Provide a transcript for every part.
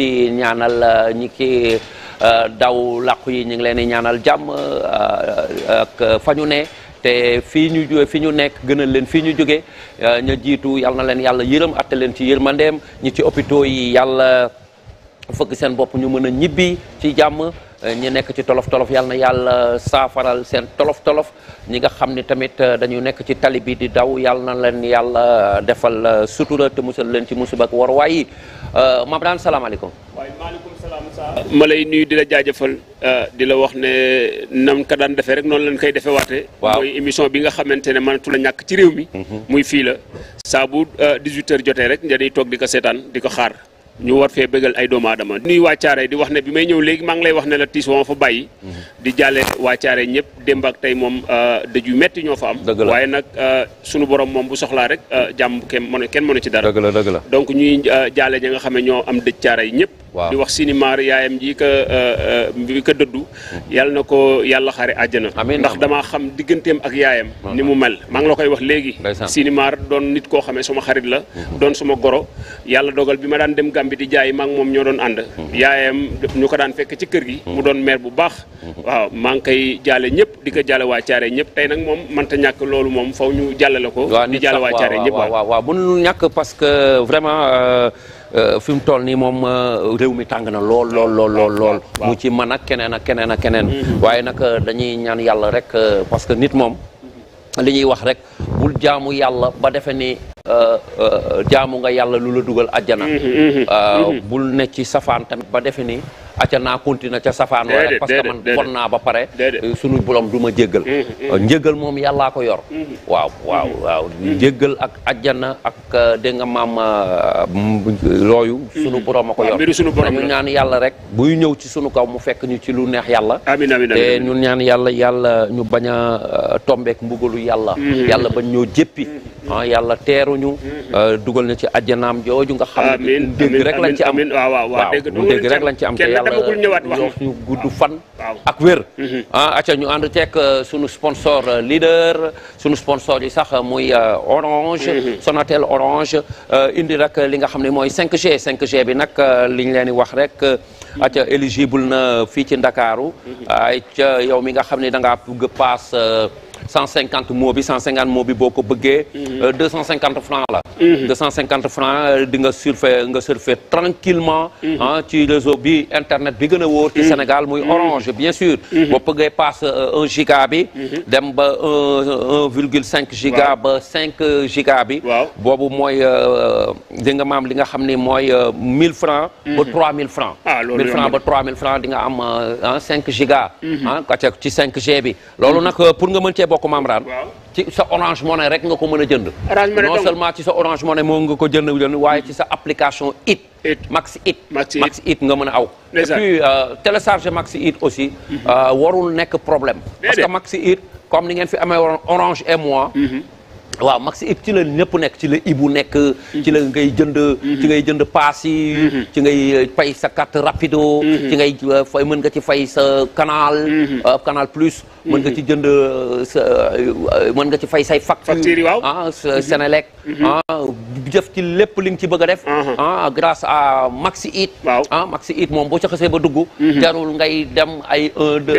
di ñaanal euh, ñi ki euh, daw làqu yi ñu ngi leen di ñaanal jàmm euh, ak fa ñu ne te fii ñu fi ñu nekk gënal leen fii ñu jóge ña jiitu yal na leen yàlla yërëm at leen ci yërmandeem ñi ci hôpitaux yi yàlla fëgg seen bopp ñu mën a ñibbi ci jàmm ñi nekk ci tolof tolof yàlla na yàlla saafaral seen tolof tolof ñi nga xam ni tamit euh, dañu nekk ci tali bi di daw yàlla na leen yàlla euh, defal euh, sutura te musal leen ci musiba ak war waaye maam daan salaamaaleykum. waaye ma lay nuyu di la jaajëfal di la wax ne nam ka daan defee rek noonu lañ koy defee waate waaw mooy émission bi nga xamante ne mënatu la ñàkk ci réew mi. Mhm. muy fii la saa bu 18 jotee rek nga toog di ko seetaan di ko xaar. ñu war fee bëggal ay doomu aadama nuy wàccaare di wax ne bi may ñëw léegi maa lay wax ne la tiis wama fa bàyyi mhm. di jàlle wàccaare ñëpp démb ak tey moom euh, dëj yu metti ñoo fa am waaye nag euh, sunu boroom moom bu soxlaa rek euh, jàmm kenn mënu kenn mënu ci dara donc ñuy jaale ña nga xam ne ñoo am dëj caare yi ñëpp di wax sinimaar yaayam ji ka bi ka dëddu mhm. yàlla na ko yàlla xare àjjana ndax damaa xam digganteem ak yaayam ni mu mel maa ngi la koy wax léegi sinimaar doon nit koo xamee suma xarit la mhm. ma bi di jaay maa moom ñoo doon ànd mhm. yaayam ñu ko daan fekk ci kër gi mhm. mu doon maire bu baax mhm. waaw maa ngi koy jaale ñëpp di ko jaale waa Thiaré ñëpp tey nag moom mënta ñàkk loolu moom faw ñu jàllale ko di jaale waa Thiaré ñëpp waaw waaw mënul ñàkk parce que vraiment euh, euh, fi mu toll nii moom euh, réew mi tàng na lool lool lool lool lool mu ci man ak keneen ak keneen ak keneen waaye nag dañuy ñaan yàlla rek parce que nit moom li ñuy wax rek bul jaamu yàlla ba defe ni euh, euh, jaamu nga yàlla lu la dugal àjjana mm-hmm, mm-hmm. Euh, mm-hmm. bul ne ci safaan tamit ba defe ni acca naa continuer ca safaan wala parce que man bon naa ba pare euh, suñu borom duma ma jéggal mm-hmm, mm-hmm. Euh, njéggal moom yàllaa ko yor mm-hmm. waaw waaw waaw njéggal ak ajjana ak euh, dégg nga maam looyu suñu borom a ko yor ñu ñaan yàlla rek buy ñëw ci suñu kaw mu fekk ñu ci lu neex yàlla amiin amiin te ñu ñaan yàlla yàlla ñu bañ a tombeek mbugalu yàlla yàlla bañ ñoo jéppi ah yàlla teeruñu mm-hmm. ah, dugal na ci àjjanaam jooju nga xam ne dégg rek lañ ci am waaw dégg rek lañ ci am te yàlla jox ñu gudd fan ak wér mm-hmm. ah acca ñu ànd ceeg ah, suñu sponsor ah, leader suñu sponsor yi sax muy orange mm-hmm. Sonatel orange indi rek li nga xam ne mooy cinq g 5G bi nag liñ leen di wax rek acca éligible na fii ci Ndakaaru yow mi nga xam ne da ngaa paas 150 mots bi 150 mots bi boo ko bëggee. 250 mhm. euh, francs la. 250 mhm. francs euh, di nga surfer nga surfer tranquillement mhm. ah ci réseau bi internet bi gën a wóor ci Sénégal muy orange bien sûr. boo bëggee passe 1 euh, giga bi. dem ba 1 virgule 5 giga ba 5 giga bi. boobu mooy di nga maam li nga xam ni mooy 1000 francs ba 3000 francs. ah loolu 1000 francs ba 3000 francs di nga am 5 ah, giga. ah ci 5G bi loolu nag pour nga mën cee mbokk membrane ci sa orange money rek nga ko mën a jënd non seulement ci sa orange money moom nga ko jënd waaye sa application it max it max it nga mën a aw et puis euh, max it aussi mhm. euh, warul nekk problème parce que max it comme ni ngeen fi amee orange et moi mhm. waaw max it ci la ñëpp nekk ci la ibu nekk ci la ngay jënd mhm. ci ngay jënd paas yi mhm. ci ngay pay euh, sa carte rapido mhm. ci ngay euh, fay mën nga ci fay sa kanaal euh, kanaal plus mën nga ci jënd sa mën nga ci fay say facture waaw ah, ah jëf ci lépp li nga ci bëgg def uh-huh. ah grâce à maxi it ah maxi it moom boo ci xasee ba dugg jarul ngay dem ay un deux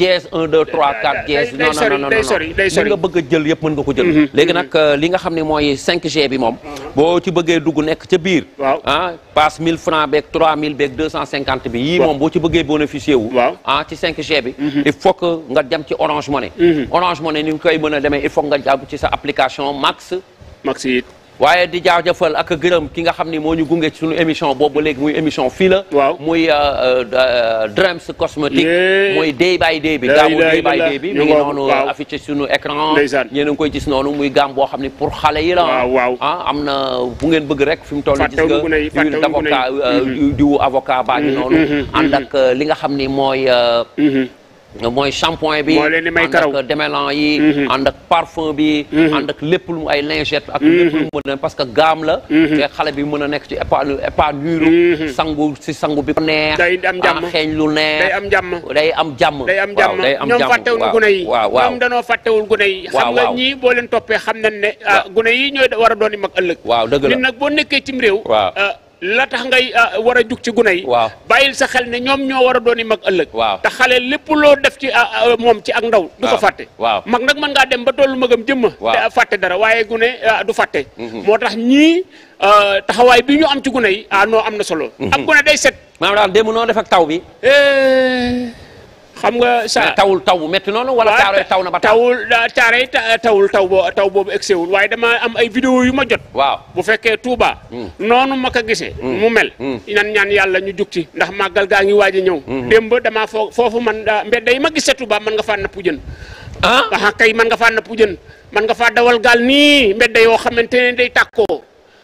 jees un deux trois quatre jees non non non nga bëgg jël yëpp mën nga ko jël nag euh, li nga xam ne mooy 5G bi moom. boo ci bëggee dugg nekk ca biir. waaw ah passe 1000 francs beeg 3000 beeg 250 bi. yii moom boo ci bëggee bénéficier wu. waaw ah ci 5G bi. Mhm. il faut que nga dem ci Orange Money. Mhm. Orange Money ni nga koy mën a demee il faut nga jàpp ci sa application Max. Max waaye di jaajëfal ak gërëm ki nga xam ni moo ñu gunge ci suñu émission boobu léegi muy émission fii la. waaw muy euh, euh, Dreams cosmétique. muy day by day bi. gaamu day by day bi mi ngi noonu affiché suñu écran yéen ngi koy gis noonu muy gaam boo xam ni pour xale yi la. waaw ah, am na bu ngeen bëgg rek fi mu toll gis nga huile d'avocat diwu euh, mm-hmm. avocat baa ngi mm-hmm. noonu. Mm-hmm. ànd ak li nga xam ni mooy. mooy shampoing bi ànd ak démêlant yi mhm. ànd ak parfum bi mhm. ànd ak lépp lu ay lingette ak mhm. lépp lu mën a parce que gaam la te xale bi mën a nekk ci épanouir épanouir sangu si sangu bi ko neex day am jàmm ah, xeeñ lu neex day am jàmm day am jàmm day am jàmm ñoom fàttewul gune yi ñoom danoo fàttewul gune yi xam nga ñii boo leen toppee xam nañ ne ah, gune yi ñooy war a doon mag ëllëg waaw dëgg la nag boo nekkee cim réew la tax ngay ah, war a jug ci gune yi waaw bàyyil sa xel ne ñoom ñoo war a doon i mag ëllëg waaw te xale lépp loo def ci ah, ah, moom ci ak ndaw du ko fàtte waaw mag nag mën ngaa dem ba tollu magam jëmma te fàtte dara waaye gune du fàtte mhm. moo tax ñii taxawaay bi ñu am ci gune yi ah non am na solo mhm. ak gune day set maanaam daal démb noo def ak taw bi eh. xam nga sa tawul taw bu métti noonu wala caaroy taw na ba tawul caaroy tawul taw bo taw boobu egsiwul waaye dama am ay vidéo yu ma jot waaw bu fekkee Touba hmm. noonu ma ko gisee hmm. mu mel hmm. nan ñaan yàlla ñu jug ci ndax màggal gaa ngi waaj a ñëw démb damaa foo foofu man mbedd yi ma gis Touba mën nga faa napp jën ah kay mën nga faa napp jën mën nga faa dawal gaal nii mbedd yoo xamante ne day tàkkoo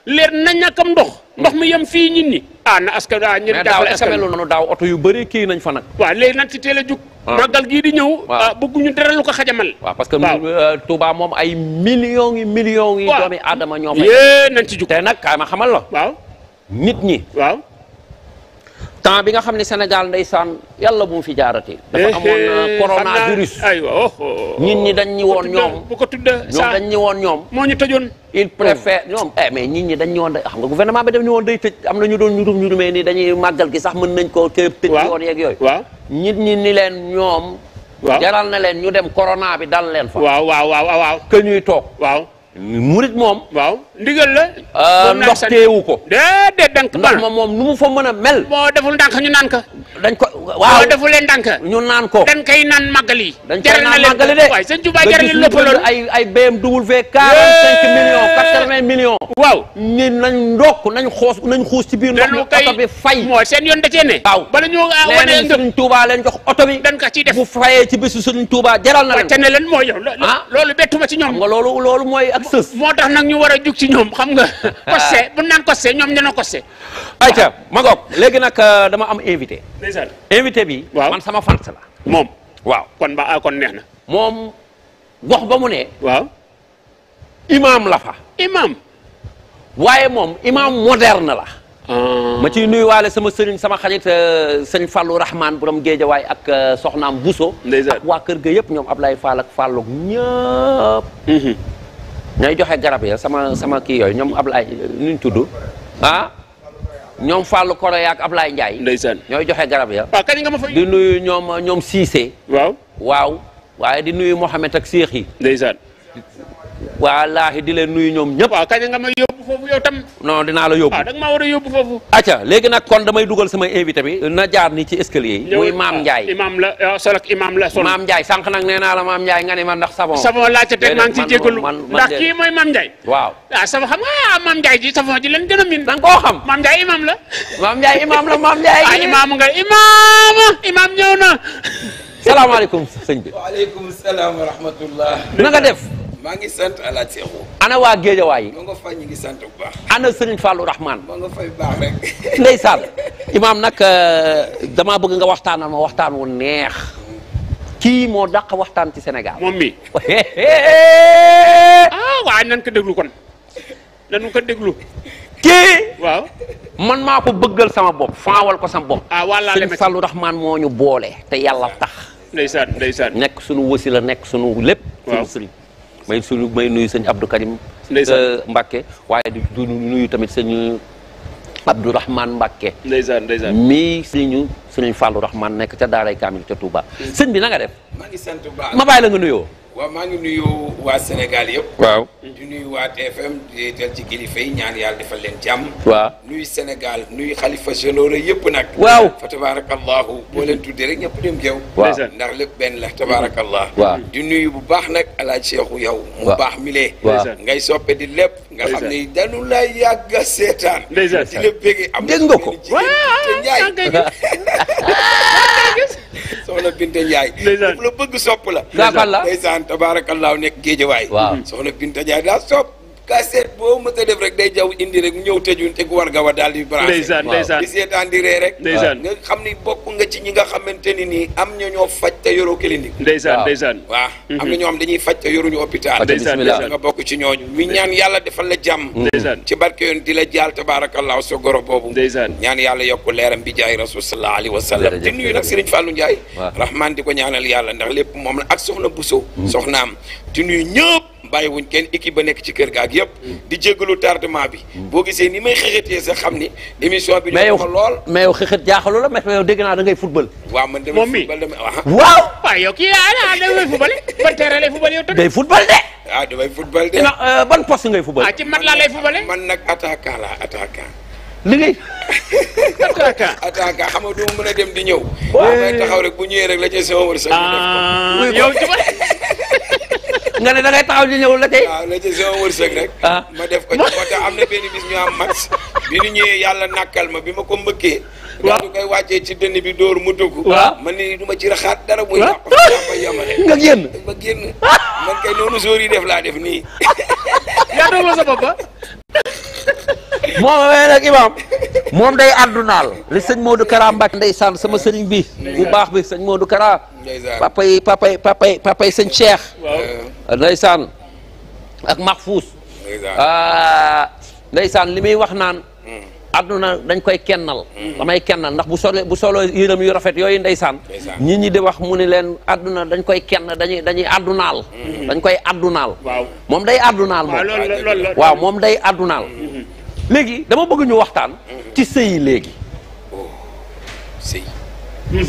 leer nañ na ñàkkam ndox ndox mi yem fii ñit ñi ah na askan ah daaw askan lu daaw oto yu bëri kii nañ fa nag waaw léegi nañ ci teel a jug ah. màggal gii di ñëw ah bëgguñu dara lu ko xajamal waaw parce que euh, Touba moom ay millions yi millions yi doomi aadama ñoo yee nañ ci jug te nag kaay ma nit ñi waaw temps bi nga xam ne Sénégal ndeysaan yàlla bu mu fi jaarati. dafa eh, amoon eh, euh, oh, oh, oh, nit ñi dañ ñi woon ñoom bu ko ñoom dañ ñu tëjoon. il préfère ñoom eh nit ñi dañ ñi woon day xam nga gouvernement bi daf ñu woon day tëj am na ñu doon ñu dum ñu dumee ni dañuy màggal gi sax mën nañ koo. tëj tëj yoon yeeg yooyu. waaw nit ñi ni leen ñoom. waaw jaral na leen ñu dem corona bi dal leen fa. waaw waaw ñuy toog murit moom. waaw ndigal la. Ah, ndox teewu ko. déedéet da nga ko mel ndox ma moom nu mu fa mën a mel. boo deful ndànk ñu naan waaw defu leen ndànk ñu naan ko dañ koy naan màggali jaral na leen màggali de waay sëñ Touba jaral leen loppaloon ay ay BMW 45 millions 80 millions waaw ni nañ ndokk nañ xoos nañ xuus ci biir ndox mi oto bi fay moo seen yoon da cee ne waaw bala ñu ah, wane sëñ Touba leen oto bi dañ ko ciy def bu fayee ci bésu sëñ Touba jaral na leen mooy yow ah. loolu bettuma ci ñoom nga loolu mooy ak moo tax nag ñu war a jug ci ñoom xam nga kosse bu naan kosse ñoom dina kosse ayca ma ngoog léegi nag euh, dama am invité invité bi. waaw man sama fans la. moom waaw kon ba kon neex na. moom gox ba mu ne. waaw imaam la fa. imaam. waaye moom imaam moderne la. Ah. ma ci ciy nuyuwaale sama sëriñ sama xarit euh, sëñ Fallou Rahman borom waaye ak euh, soxnaam buso ak waa kër ga yëpp ñoom Ablaye Fall ak Fallou ñëpp. Mhm. ñooy joxe garab ya sama sama kii yooyu ñoom Ablaye euh, nuñ tudd ah? ñoom Fallou Koroya ak Ablaye Ndiaye. ndeysaan ñooy joxe garab ya. waaw kañ nga ma fay di nuyu ñoom ñoom Cissé. waaw waaw waaye di nuyu Mohamed ak Cheikh yi. ndeysaan wallaahi di leen nuyu ñoom ñëpp. waaw kañ nga tam. non dinaa la yóbbu. waaw ah, da nga maa war a yóbbu foofu. acca léegi nag kon damay dugal sama invité bi. na jaar ni ci escalier yi. muy maam Ndiaye ah, imaam la ah, sol ak la sol. maam Ndiaye sànq nag nee naa la maam Ndiaye nga ne ma ndax savon. savon laa ca teg maa ngi ciy jégalu ndax kii mooy maam Ndiaye. waaw ah savon xam nga maam Ndiaye ji savon ji leen gën a min. da nga xam maam Ndiaye imaam la. maam Ndiaye imaam la maam Ndiaye. ah imaam nga imaam imaam ñëw na. salaamaaleykum sëñ bi. waaleykum salaam wa rahmatullah. na def. maa ngi sant ala ana waa Géejawaay ma nga fay ñu ngi sant bu baax ana Sëriñ Fallou Rahman ma nga fay baax imaam nag euh, damaa bëgg nga waxtaanal ma waxtaan wu neex kii moo dàq waxtaan ci senegal moom mi ah waaye nan ko déglu kon nanu ko déglu kii waaw man maa ko sama bop faawal ko sama bopp ah wala Sëriñ Fallou Rahman ñu boole te yàlla tax ndeysaan nekk sunu wasi la nekk sunu lépp sunu sëriñ may suñu may nuyu sëñ Abdou Karim euh, Mbacke waaye du nuyu tamit sëñ Abdourahman Mbacke ndeysaan ndeysaan mii sëriñu sëriñ Fallou Rahman nekk ca daaray Kaamil ca Touba mm. sëñ bi na nga def maa ngi sant bu baax ma la nga nuyoo waa maa ngi nuyu waa Sénégal yëpp. waaw di nuyu waa TFM di del ci kilifa yi ñaan yàlla defal leen jàmm. waaw nuyu Sénégal nuyu xalifa généraux yëpp nag. waaw fa tabaarakallahu boo leen tuddee rek ñëpp dem jëw. waaw ndax lépp benn la tabaarakallah. waaw baax nag El Hadj Cheikhou yow. mu baax mi lee. ngay soppe di lépp. nga xam ne danu la yàgg a seetaan. di la bëgg am. dégg nga ko waaw soxna Binte Ndiaye. sopp la. naan tabaarakallaahu nekk géejawaay. waaw soxna Binta Ndiaye daa soob. kaset boo mës a def rek day jaw indi rek ñëw tëjuñ te gu war ga wa daal di branché di seetaan di ree rek nga xam ni bokk nga ci ñi nga xamante ni nii am na ñoo faj te yoroo clinique ndeysaan ndeysaan waaw mhm. am na ñoo xam dañuy faj te yoruñu hôpital ndeysaan nga bokk ci ñooñu ñu ñaan yàlla defal la jàmm mm. ndeysaan ci barke yoon di la jaal tabaarakallaahu sa goro boobu ñaan yàlla yokku leeram bi jaay rasul sallallahu alayhi wa sallam di nuyu nag Sëriñ Fallou Ndiaye rahman di ko ñaanal yàlla ndax lépp moom la ak soxna Bousso mm. soxnaam di nuyu ñëpp bàyyiwuñ kenn équipe ba nekk ci kër ga ak yëpp. di jéggalu tardement bi. boo gisee ni may xëxëtee sax xam ni émission bi. mais a lool mais yow xëxët jaaxaloo da ngay football. waaw man damay football damay ah. waaw. Ah, ah, football ban terrain football de. ah damay football euh, ngay football. ah ci mat laa lay footballé. man nag attaquant laa attaquant. li ngay. attaquant xam nga du ma a dem di ñëw. waaw may taxaw rek bu ñëwee rek la ca sama wërsëg. ah yow ci nga ne da ngay taxaw di ñëw la tey. la ci sama wërsëg rek. Ah. ma def ko ci am na benn bis ñu am match bi ñu ñëwee yàlla nàkkal ma bi ma ko mbëkkee. waaw daal du koy wàccee ci dënn bi dóor mu dugg. waaw man ni du ma ci raxaat dara. muy yàq ma yamale. nga génn ma génn man kay noonu sóor yi def laa def nii. yaa doon sa bopp ah? moom wee nag imaam moom day àddunaal li sëñ Modou Kara Mbacke ndeysaan sama sëriñ bi bu baax bi sëñ Modou Kara papa yi papa yi papa yi papa ak Mahfouz ah, ndeysaan li muy wax naan hmm. àdduna dañ koy kennal damay kennal ndax bu solee bu solo yërëm yu rafet yooyu ndeysaan ñi ñi di wax mu ni leen àdduna dañ koy kenn dañuy dañuy àddunaal mm-hmm. dañ koy àddunaal moom day àddunaal moom waaw moom day àddunaal mm-hmm. léegi dama bëgg ñu waxtaan mm-hmm. ci sëy léegi oh, sëy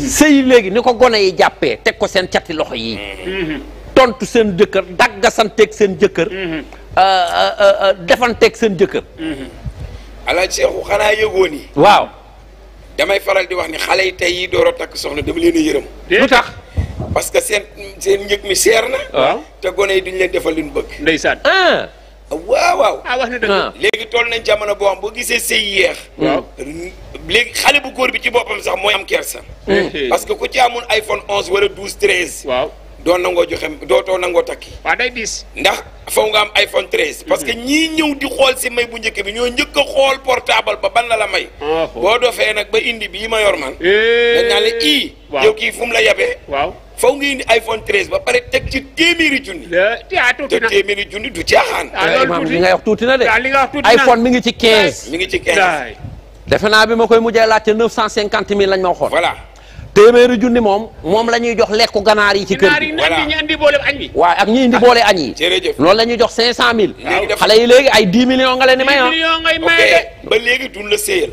sëy léegi ni ko gone yi jàppee teg ko seen cati loxo yi tontu seen jëkkër daggasanteeg seen jëkkër euh, euh, euh, defanteeg seen jëkkër alaaj seexu xanaa yëgoo nii waaw damay faral di wax ni xale yi tey yi door a takk soxla dama leen a yërëm lu tax parce que seen seen njëg mi seer na waaw te gone yi duñ leen defal luñ bëgg ndeysaan ah. Ah, waaw waaw ah wax na dëgg ah. léegi toll nañ jamono boo xam boo gisee sëy yeex waaw léegi xale bu góor bi ci boppam sax mooy am kersa mm. eh, eh. parce que ku ci amul iPhone 11 wala 12 13 waaw doo nangoo joxe dootoo nangoo takki. waaw ndax faw nga am iPhone 13. parce que mhm. ñii ñëw di xool si may bu njëkk bi ñoo njëkk a xool portable ba ban la la may. boo fee nag ba indi bii ma yor man. Eh. dañ naa kii fu mu yabee. waaw faw nga indi iPhone 13 ba pare teg ci téeméeri junni. Ah, te téeméeri junni du caaxaan. ah loolu tuuti li tuuti na de. Ah, li nga wax tuuti na iPhone mi ngi ci 15. mi ngi ci 15. defe naa bi ma koy mujjee laajte 950 000 lañ ma waxoon. voilà. téeméeri junni moom moom la ñuy jox lekku ganaar yi ci kër gi waaw ak ñi indi boole añ yi loolu la ñuy jox cinq cent mille xale yi léegi ay dix millions nga leen di may ah ba léegi duñ la séyal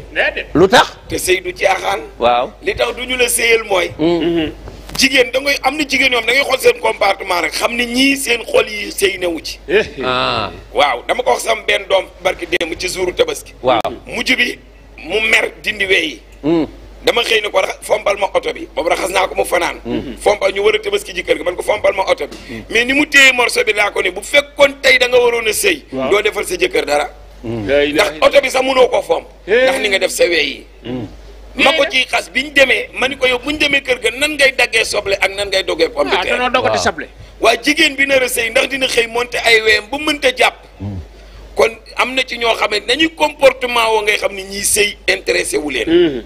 lu tax te sëy du caaxaan waaw li tax ñu la séyal mooy mm. mm-hmm. jigéen da am na jigéen ñoom da ngay xool seen compartement rek xam ne ñii seen xol yi sëy newu ci eh. ah. waaw dama ko wax sam benn doom barki démb ci jouru tabaski waaw mujj bi mu mer dindi weeyi dama xëy na ko fompal ma oto bi boobu raxas naa ko mu fanaan mhm. fompal ñu war a tabaski ji kër gi man ko fompal ma oto bi mhm. mais ni mu téye morso bi laa ko ne bu fekkoon tey da waroon a sëy doo defal sa jëkkër dara mhm. ndax oto bi sa mënoo koo fomp ndax ni nga def sa weey yi ma ko ciy xas bi ñu demee ma ni ko yow bu ñu demee kër ga nan ngay daggee soble ak nan ngay doggee pomme de ah, terre danoo dogate waa jigéen bi nar a sëy ndax dina xëy monte ay weeyam ba mënta jàp kon am na ci ñoo xam ne nañuy comportement woo ngay xam ne ñiy sëy intéressé wu leen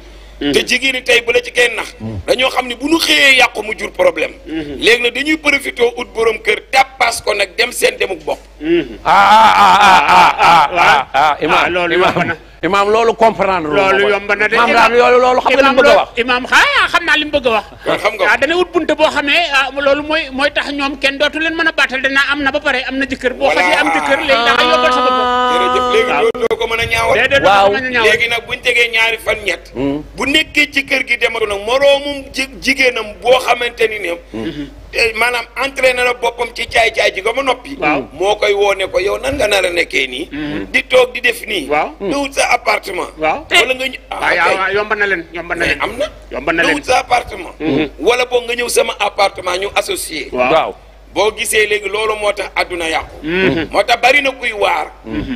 te jigéen ñi tey bu la ci kenn nax mm. dañoo xam ne bu ñu xëyee yàqu mu jur problème mm-hmm. léegi nag dañuy profité ut borom kër tàppaas ko nag dem seen demuk bopp mm-hmm. ah ah ah ah ah ah ah ah ah ah imaam loolu comprendre loolu yomb na de imaam loolu loolu xam nga li mu bëgg a wax imaam xaa ah, xam naa li mu bëgg a wax waaw dana wut bunte boo xamee ah, loolu mooy mooy tax ñoom kenn dootu leen a baatal dana am na ba pare am na jëkkër boo xasee am jëkkër léegi da nga yobbal sa bopp jërëjëf léegi loolu doo ko mën a ñaawal waaw nag tegee ñaari fan ñett hmm. bu nekkee ci kër gi dematu nag moroomum jigéenam boo xamante ni ne hmm. Eh, maanaam entraîné na boppam ci caay-caay ji nga ma noppi. moo koy woone ko yow nan nga nar a nekkee nii. Mm-hmm. di toog di def nii. waaw dawut sa appartement. waaw wala nga ñu. Ah, ah, na leen yomb na leen am na. yomb na leen dawut sa appartement. Mm-hmm. wala boog nga ñëw sama appartement ñu associé. waaw. boo gisee léegi loolu moo tax adduna yàqu. Mm-hmm. moo tax bari na kuy waar.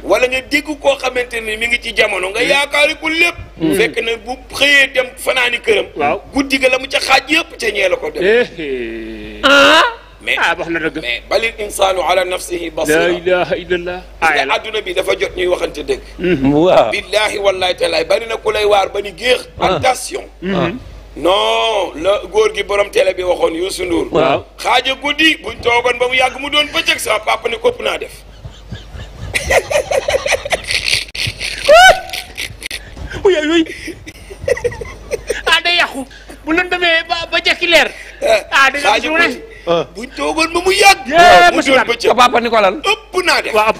wala nga dégg koo xamante ni mi ngi ci jamono nga yaakaari ku lépp. fekk na bu xëyee dem fanaani këram. waaw guddi ga la mu ca xaaj yëpp ca ñee la ko dem. Eh, eh. ah. mais ah wax na dëgg. mais balil insaanu ala nafsihi basira. la ilaha illallah. ayla adduna bi dafa jot ñuy waxante dëgg. Mm-hmm. waaw. billahi wallahi taalaay bari na ku lay waar ba ni géex. attention. Ah. Mm-hmm. non la góor gi borom télé bi waxoon Youssou Ndour. waaw xaaja guddi buñ toogoon ba mu yàgg mu doon bëccëg sama papa ne kopp naa def. yooyu ah day yàqu. bu ñu demee ba ba jekki leer. Eh, ah dina ah. mu yàgg. waaw mu doon bëccëg papa ni ko lan. ëpp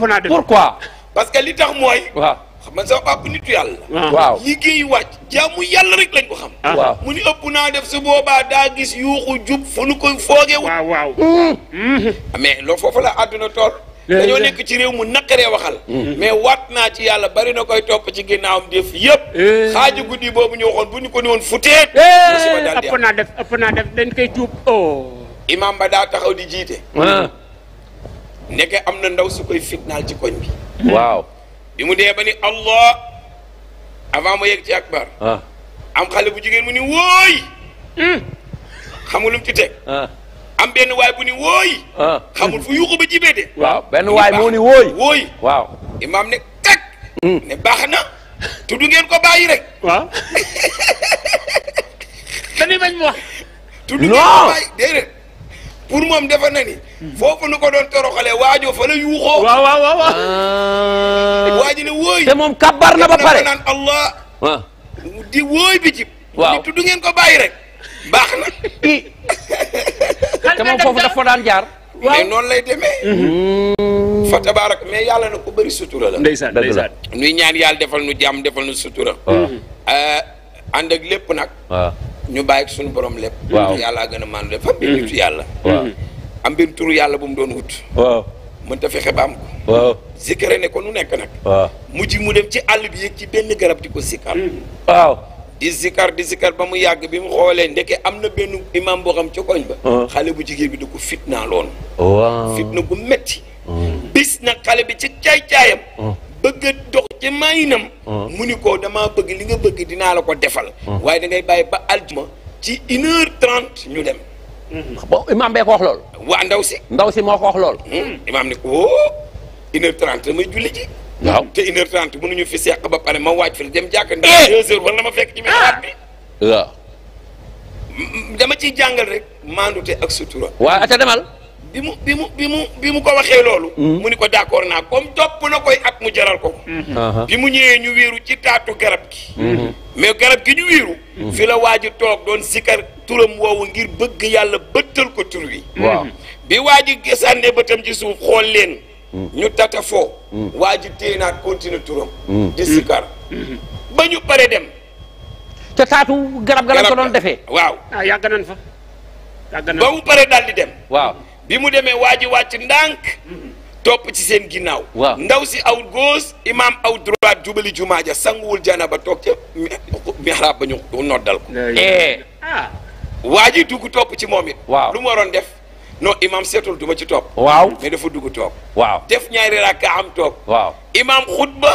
naa def waaw parce que li tax mooy. waaw xam nga sama papa nitu yàlla. Ah. waaw liggéey wàcc. ko xam. Ah. waaw mu ni ëpp naa def su boobaa daa gis yuuxu jub fu nu waaw waaw. Hmm. Hmm. mais loolu foofu la àdduna tool. dañoo eh, eh. nekk ci réew mu naqaree waxal hmm. mais waat naa ci yàlla bari na koy topp ci ginnaawam def yëpp eh. xaaju guddi boobu ñu waxoon bu ñu ko ni woon futeet musiba daal def ëpp naa def dañ koy tuub oh. ba daa taxaw di jiite ah. nekke am na ndaw su koy fitnaal ci koñ bi hmm. waaw bi mu dee ba ni allah avant ma yegg ci akbar ah. am xale bu jigéen mu ni wóoy hmm. xam nga lu mu ci am benn waay bu ni wooy ah. xamul fu yuuxu ba jibee de waaw benn waay moo ni wooy wooy waaw imaam ne teg hmm. ne baax na tudd ngeen ko bàyyi rek waaw dañuy bañ mu wax tudd ngeen ko bàyyi déedéet pour moom defe na ni foofu nu ko doon toroxalee waajoo fa la yuuxoo waaw waaw waaw waaji ah. ne wooy te moom kabbar na ba pare naan allah ah. di wooy bi jib waaw tudd ngeen ko bàyyi rek baax na te moom daf dafa daan jaar. mais noonu lay demee. Mm-hmm. fa tabaarak mais yàlla na ko bëri sutura la. ndeysaan ndeysaan. nuy ñaan yàlla defal nu jàmm defal nu sutura. Euh, ànd ak lépp nag. ñu bàyyi suñu boroom lépp. waaw yàlla gën a mën yàlla. Mm-hmm. am benn yàlla bu mu doon wut. waaw mën ta fexe ba am ko. ne ko nu nekk nag. waaw mujj mu dem ci àll bi yëg ci benn garab di ko sikkar. waaw. di zikar di zikar ba mu yàgg bi mu xoolee ndeke am na benn imam boo xam ca koñ ba. Ah. xale bu jigéen bi da ko fitnaa loon. waaw fitna bu metti ah. bis nag xale bi ci caay-caayam. Ah. bëgg a dox ci maayinam. mu ni ko dama bëgg li nga bëgg dinaa la ko defal. waaye da ngay bàyyi ba aljuma ci une heure ñu dem. Mm-hmm. bon imaam bee ko lool. waa ndaw si. ndaw si moo ko wax lool. Hmm. imaam ni ko oh, une heure damay julli ji. waaw te une heure trente mënuñu fi seq ba pare ma waaj fi dem jàkk ndax eh! deux heures na ma fekk ci miiraat bi waaw dama ciy jàngal rek maandute ak sutura waaw ata demal bi mu bi mu bi mu bi mu ko waxee loolu hmm. mu ni ko d'accord naa comme topp na koy at mu jaral ko hmm. uh-huh. bi mu ñëwee ñu wéeru ci taatu garab gi hmm. mais garab gi ñu wiiru fi la waaj ji toog doon sikar turam woowu ngir bëgg yàlla bëttal ko tur wi bi waa ji sànnee bëtam ci suuf xool leen ñu tata foo waa ji téye naat continue turam di sikar ba ñu pare dem ca taatu garab garab ko doon defee waaw ah yàgg nañ ba mu pare daal di dem waaw bi mu demee waa ji wàcc ndànk ci seen ginnaaw ndaw si aw gauche imam aw droite jubali jumaa ja sanguwul jana ba toog ca mihrab ba ñu noddal ko eh. ah. waa ji dugg topp ci moom it waaw lu mu def non imam seetul duma ci toog. waaw mais dafa dugg toog. waaw def ñaari rakka am toog. waaw imam xutba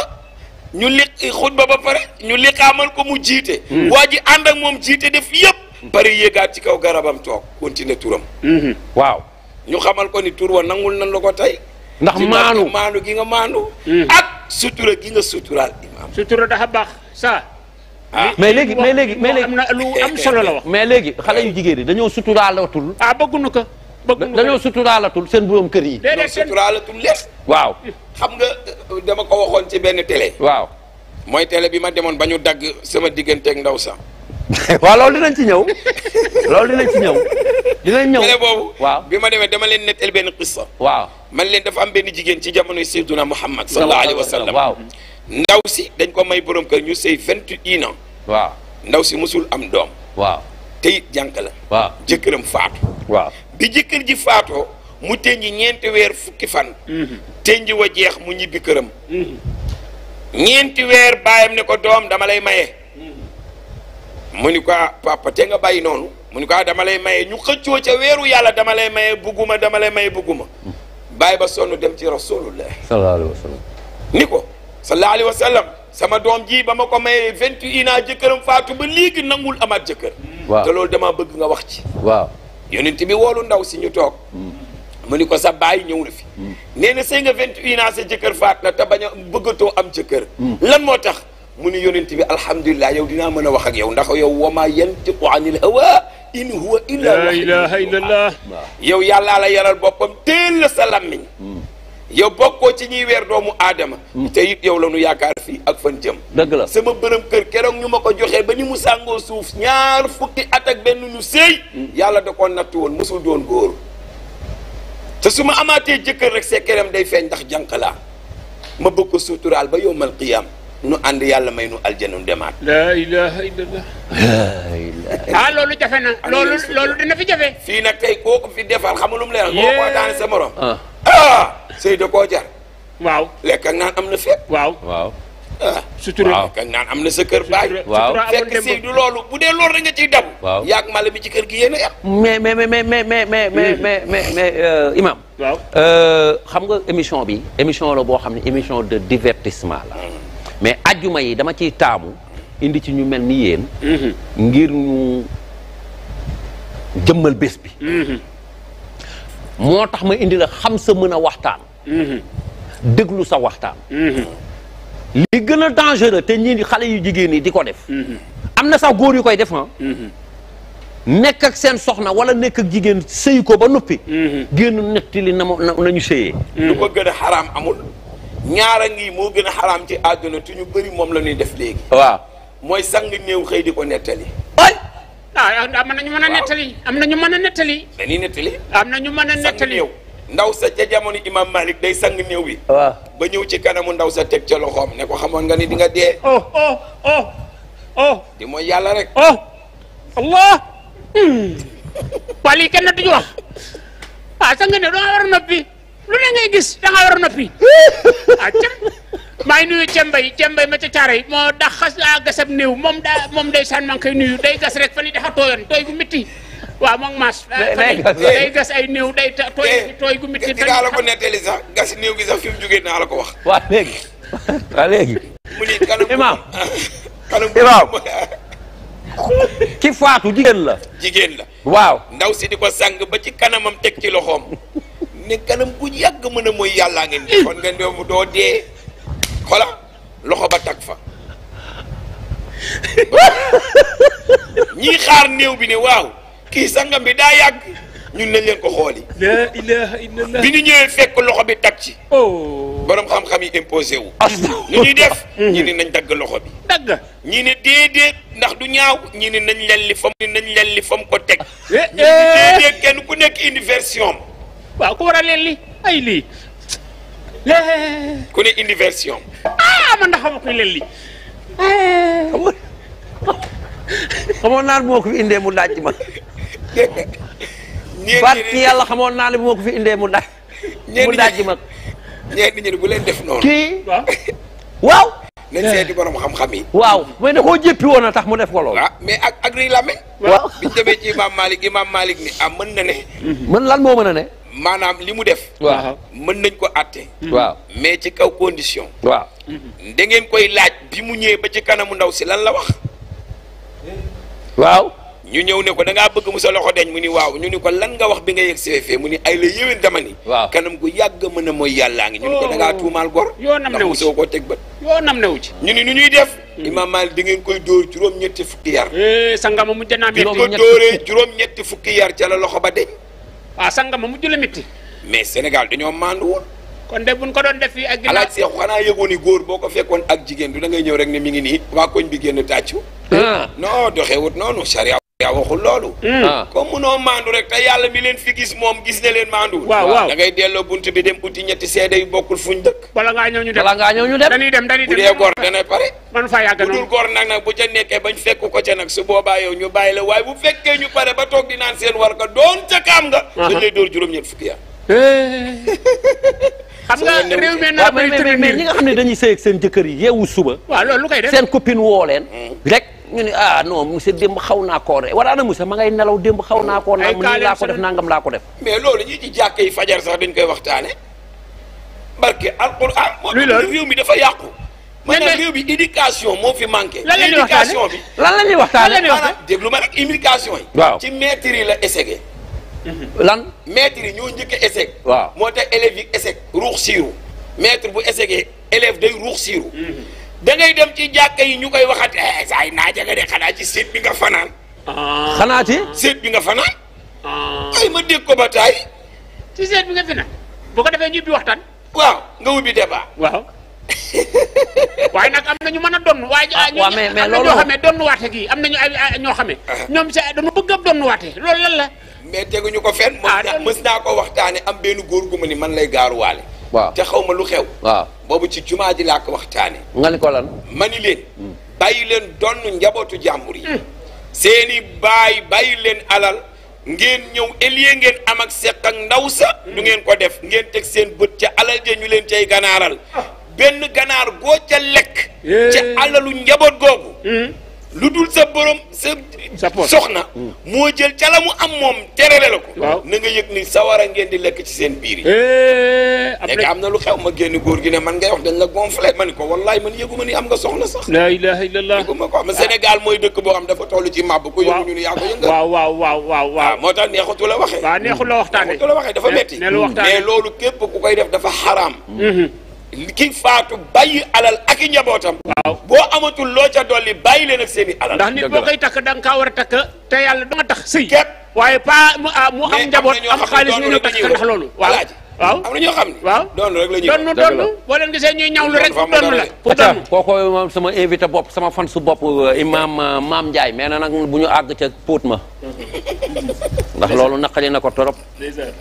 ñu li xutba ba pare ñu amal ko mu jiite. Hmm. waa ji ànd ak moom jiite def yëpp. pare yéegaat ci kaw garabam toog continuer turam. Hmm. waaw ñu xamal ko ni tur wa nangul nan la ko tey. ndax maanu maanu gi nga maanu. Hmm. ak sutura gi nga suturaal imam. sutura dafa baax ça. ah mais léegi mais léegi mais léegi am am solo la wax. mais léegi xale yu jigéen yi dañoo suturaalootul. ah bëgguñu ko. dañoo suturaalatul seen borom kër yi. dañoo suturaalatul waaw xam nga dama ko waxoon ci benn télé. waaw mooy télé bi ma demoon ba ñu dagg sama digganteeg ndaw sax. waaw loolu dinañ ci ñëw loolu dinañ ñëw. dinañ ñëw télé boobu. bi ma demee dama leen nettali benn qissa. waaw man leen dafa am benn jigéen ci jamonoy Seyduna Muhammad. sallallahu alayhi wa sallam waaw. ndaw si dañ ko may borom kër ñu sëy vingt iina un ndaw si mosul am doom. waaw te it jànk la. waaw faatu. waaw bi jëkkër ji faatoo mu tënji ñeenti weer fukki fan mhm. tënji wa jeex mu ñibbi këram mhm. ñeenti weer baayam ne ko doom dama lay maye mhm. mu ni ko ah, papa te nga bàyyi noonu mu ni ko ah, dama ñu xëccoo ca yàlla dama lay maye bugguma dama lay maye bugguma bàyyi ba sonn dem ci rasulullah sallallahu alayhi ni ko sallallahu alayhi wa sama doom ji ba ma ko maye vingt et un ans jëkkëram faatu ba léegi nangul amaat jëkkër te loolu dama bëgg nga wax ci waaw yonent bi woolu ndaw si ñu toog mu ni ko sa baay ñëw na fi hmm. nee na sëy nga vingt et jëkkër faat na te bañ a bëggatoo am jëkkër hmm. lan moo tax mu ni yonent bi alhamdulilah yow dinaa mën a wax ak yow ndax yow wama yantiqu anil hawa in huwa illa la ilaha illallah ah, yow yàllaa la yaral boppam teel la sa lammiñ hmm. yow bokkoo ci ñuy weer doomu aadama hmm. te it yow la nu yaakaar fii ak fan jëm sama bërëm kër keroog ñu ma ko joxee ba ñu mu sàngoo suuf ñaar fukki at ak benn ñu sëy hmm. yàlla da koo nattu woon mosul doon góor te su jëkkër rek sekkeram day feeñ ndax ma bëgg ko suturaal ba yowmal qiyaam nu ànd yàlla may nu aljanu demaat. la ilaha illallah. ah loolu jafe na. loolu dina fi jafe. fii nag tey koo ko fi defal xam nga koo ko daan sa morom. Ah. Ah! sëy da koo jar. waaw lekk naan am na fépp. waaw waaw. sutura waaw am na sa kër baay. waaw fekk sëy du loolu bu dee loolu rek ciy dabu. waaw yaag mala bi ci kër gi yéen a mais mais mais mais mais mais mais mais mais Imaam. waaw xam nga émission bi émission la boo xam ne émission de divertissement la. mais ajjuma yi dama ciy taamu. indi ci ñu mel ni yéen. ngir ñu jëmmal bés bi. moo tax ma indi la xam sa mën a waxtaan. Mhm. déglu sa waxtaan. Mhm. li gën a dangereux te ñii xale yu jigéen ñi di ko def. Mhm. am na sax góor yu koy def ah. nekk ak seen soxna wala nekk ak jigéen sëy ko ba noppi. génn nettali na na ñu sëyee. lu ko gën a xaraam amul. ñaara ngi moo gën a xaraam ci àdduna te ñu bari moom la ñuy def léegi. waaw mooy sang néew xëy di ko nettali. ah am na ñu mën a nettali. am na ñu mën a nettali. dañuy nettali. am na ñu mën a nettali yow. ndaw sa ca jamono imam Malik day sang néew bi. waaw ba ñëw ci kanamu ndaw sa teg ca loxoom ne ko xamoon nga ni di nga dee. oh oh oh oh. di mooy yàlla rek. oh allah. Hmm. waa lii kenn du ñu wax ah sang ne doo war a noppi lu ne ngay gis da nga war a noppi ah maa ngi nuyu Cembay Cembay ma ca caare moo dax xas a gasab néew moom daa day saan maa ngi nuyu day gas rek fan yi dafa tooyoon tooy gu métti waaw moom maas. day gas ay néew day eh, tooy gu métti. sax gas néew gi sax fi mu jógee ko wax. waaw léegi waaw faatu jigéen la. jigéen la. waaw ndaw si di ko sang ba ci kanamam teg ci loxoom. ne kanam bu yàgg mën a mooy yàllaa ngeen. kon ngeen doo dee. xoola loxo ba tag fa ñii xaar néew bi ne waaw kii sangam bi daa yàgg ñun nañ leen ko xooli. la ilaha bi ñu ñëwee fekk loxo bi tag ci. Oh. borom xam-xam yi imposé wu. nu ñuy def. Mhm. ñii ni nañ dagg loxo bi. dagg ñii ne déedéet ndax du ñaaw ñii ne nañ lelli fam nañ lelli fam ko teg. Eh, ñii ne eh. kenn ku nekk indi version am. waaw ku war a lelli ay lii. ku ne indi version ah man da xama koy leen li xamoon naa ne moo ko fi indee mu laaj ma barki yàlla xamoon naa ne moo ko fi indee mu laaj mu laaj ma ñeenti ñi bu leen def noonu kii waaw ne seeti borom xam-xam yi waaw mais da koo jéppi woon a tax mu def ko loolu mais ak ak rii lame waaw biñ demee ah, mën na ne mën lan moo mën a ne maanaam li mu def. waaw mën nañ ko àtte. waaw mais ci kaw condition. waaw da ngeen koy laaj bi mu ñëwee ba ci kanamu ndaw si lan la wax. waaw. ñu ñëw ne ko da ngaa bëgg mu sa loxo deñ mu ni waaw ñu ni ko lan nga wax bi nga yegg see fee mu ni ay la yéwén dama ni. waaw kanam gu yàgg mën a mooy yàllaa ngi. ñu ni ko da ngaa oh. tuumaal gor. yoonam newu ci ko mosoo koo teg bët. yoonam newu ci. ñu ni nu ñuy def. Hmm. imaam Maalik da ngeen koy dóor juróom-ñetti fukki yar. Eh, sa ngama mu jënd am ko dóoree juróom-ñetti fukki yar ca la loxo ba deñ waaw sanga ma mujj la métti. mais Sénégal du dañoo maandu woon. kon de ko doon def fii ak. ginnaaw alaaj seex xanaa yëgoon ni góor boo ko fekkoon ak jigéen du da ngay ñëw rek ne mi ngi nii. waa koñ bi génn tàccu. Ah. non doxewut noonu charia yaa waxul loolu. Hmm. Ah. comme munoo maandu rek te yàlla mi leen fi gis moom gis na leen maandu. waaw waaw da ngay delloo bunt bi dem uti ñetti seede yu bokkul fuñ dëkk. bala ngaa ñëw ñu dem bala ngaa ñëw ñu dem. dañuy dem dañuy dem bu dee góor dana pare. man faa yàgg noonu bu dul góor nag nag bu ca nekkee bañ fekk ko ca nag su boobaa yow ñu bàyyi la waaye bu fekkee ñu pare ba toog di naan seen war nga doon ca kaam nga. dañ ah. lay dóor juróom-ñeent fukki at. Eh. xam nga réew mi naa bëri ñi nga xam ne dañuy sëy seen jëkkër yi yeewu suba. waaw loolu lu koy def seen copine woo ñu ne ah non monsieur démb xaw naa koo ree wala na monsieur ma ngay nelaw démb xaw naa koo naan nii laa ko def nangam laa ko def mais loolu ñi ci jàkk yi fajar sax dañ koy waxtaane barke alquran moom réew mi dafa yàqu maanaam réew bi éducation moo fi manqué éducation bi lan la ñuy waxtaane maanaam déglu ma rek éducation yi waaw ci maître yi la échec lan maître yi ñoo njëkk a échec waaw moo tax élèves yi échec ruux siiru maître bu échec élève day ruux siiru mm-hmm. da ngay dem ci jàkk yi ñu koy waxat eh saa yi naa jege de xanaa ci seet bi nga fanaan. Ah. xanaa ci. seet bi nga fanaan. Ah. ay ma dégg ko ba taay. ci seet bi nga fi naan bu ko defee ñu ubbi waxtaan. waaw nga ubbi débat. waaw. waaye nag am na ñu mën a donn ah, waaye. waaw mais mais loolu am na ñoo xamee donn am na ñu ay ñoo xamee. ñoom sa dama bëgg a donn waate loolu lan la. mais teguñu ko fenn. ah mës naa ko waxtaane am benn góor gu ma ni man lay gaaruwaale. waaw te xaw ma lu xew. waaw boobu ci jumaa ji laa ko waxtaane nga ni ko lan mani leen. Hmm. bàyyi leen donn njabootu jàmbur yi. seeni baay bàyyi leen alal. ngeen ñëw élié ngeen am ak seq ak ndaw sa. lu ngeen ko def ngeen teg seen bët ca alal ja ñu leen cay ganaaral. Ah. benn ganaar goo ca lekk. ca alalu njaboot googu. Hmm. lu dul sa borom sa. sa soxna. Mm. moo jël ca la mu am moom terale la ko. waaw na nga yëg ni sawara ngeen di lekk ci seen biir yi. nekk eh, am na lu xew ma génn góor gi ne man ngay wax dañ la gonflé ma ni ko wallaay man ma ni am nga soxna sax. la ilaha illallah yëgu ma ko am Sénégal mooy dëkk boo xam dafa toll ci màbb. ko yëgu ñu ni yaa ko yëngal. waaw waaw waaw waaw waaw ah, moo tax neexatu la waxee. waaw neexu la waxtaanee neexu la waxee dafa eh, metti. mais loolu képp ku koy def dafa xaraam. Mm-hmm. ki faatu bàyyi alal ak i njabootam. waaw boo amatul loo ca dolli bàyyi leen ak seen i alal. ndax nit boo koy takk da nga kaa war a takk te yàlla danga tax sëy. képp waaye pas ah, mu am njaboot am xaalis ñu ñëw takk ndax loolu. waaw waaw am na ñoo xam ne. waaw doon rek la ñuy doon doon boo leen gisee ñuy ñawlu rek pour doon la pour doon kooko sama invité bopp sama fan su bopp euh, imam euh, maam Ndiaye mais nag bu ñu àgg ca póot ma. ndax loolu naqari na ko trop.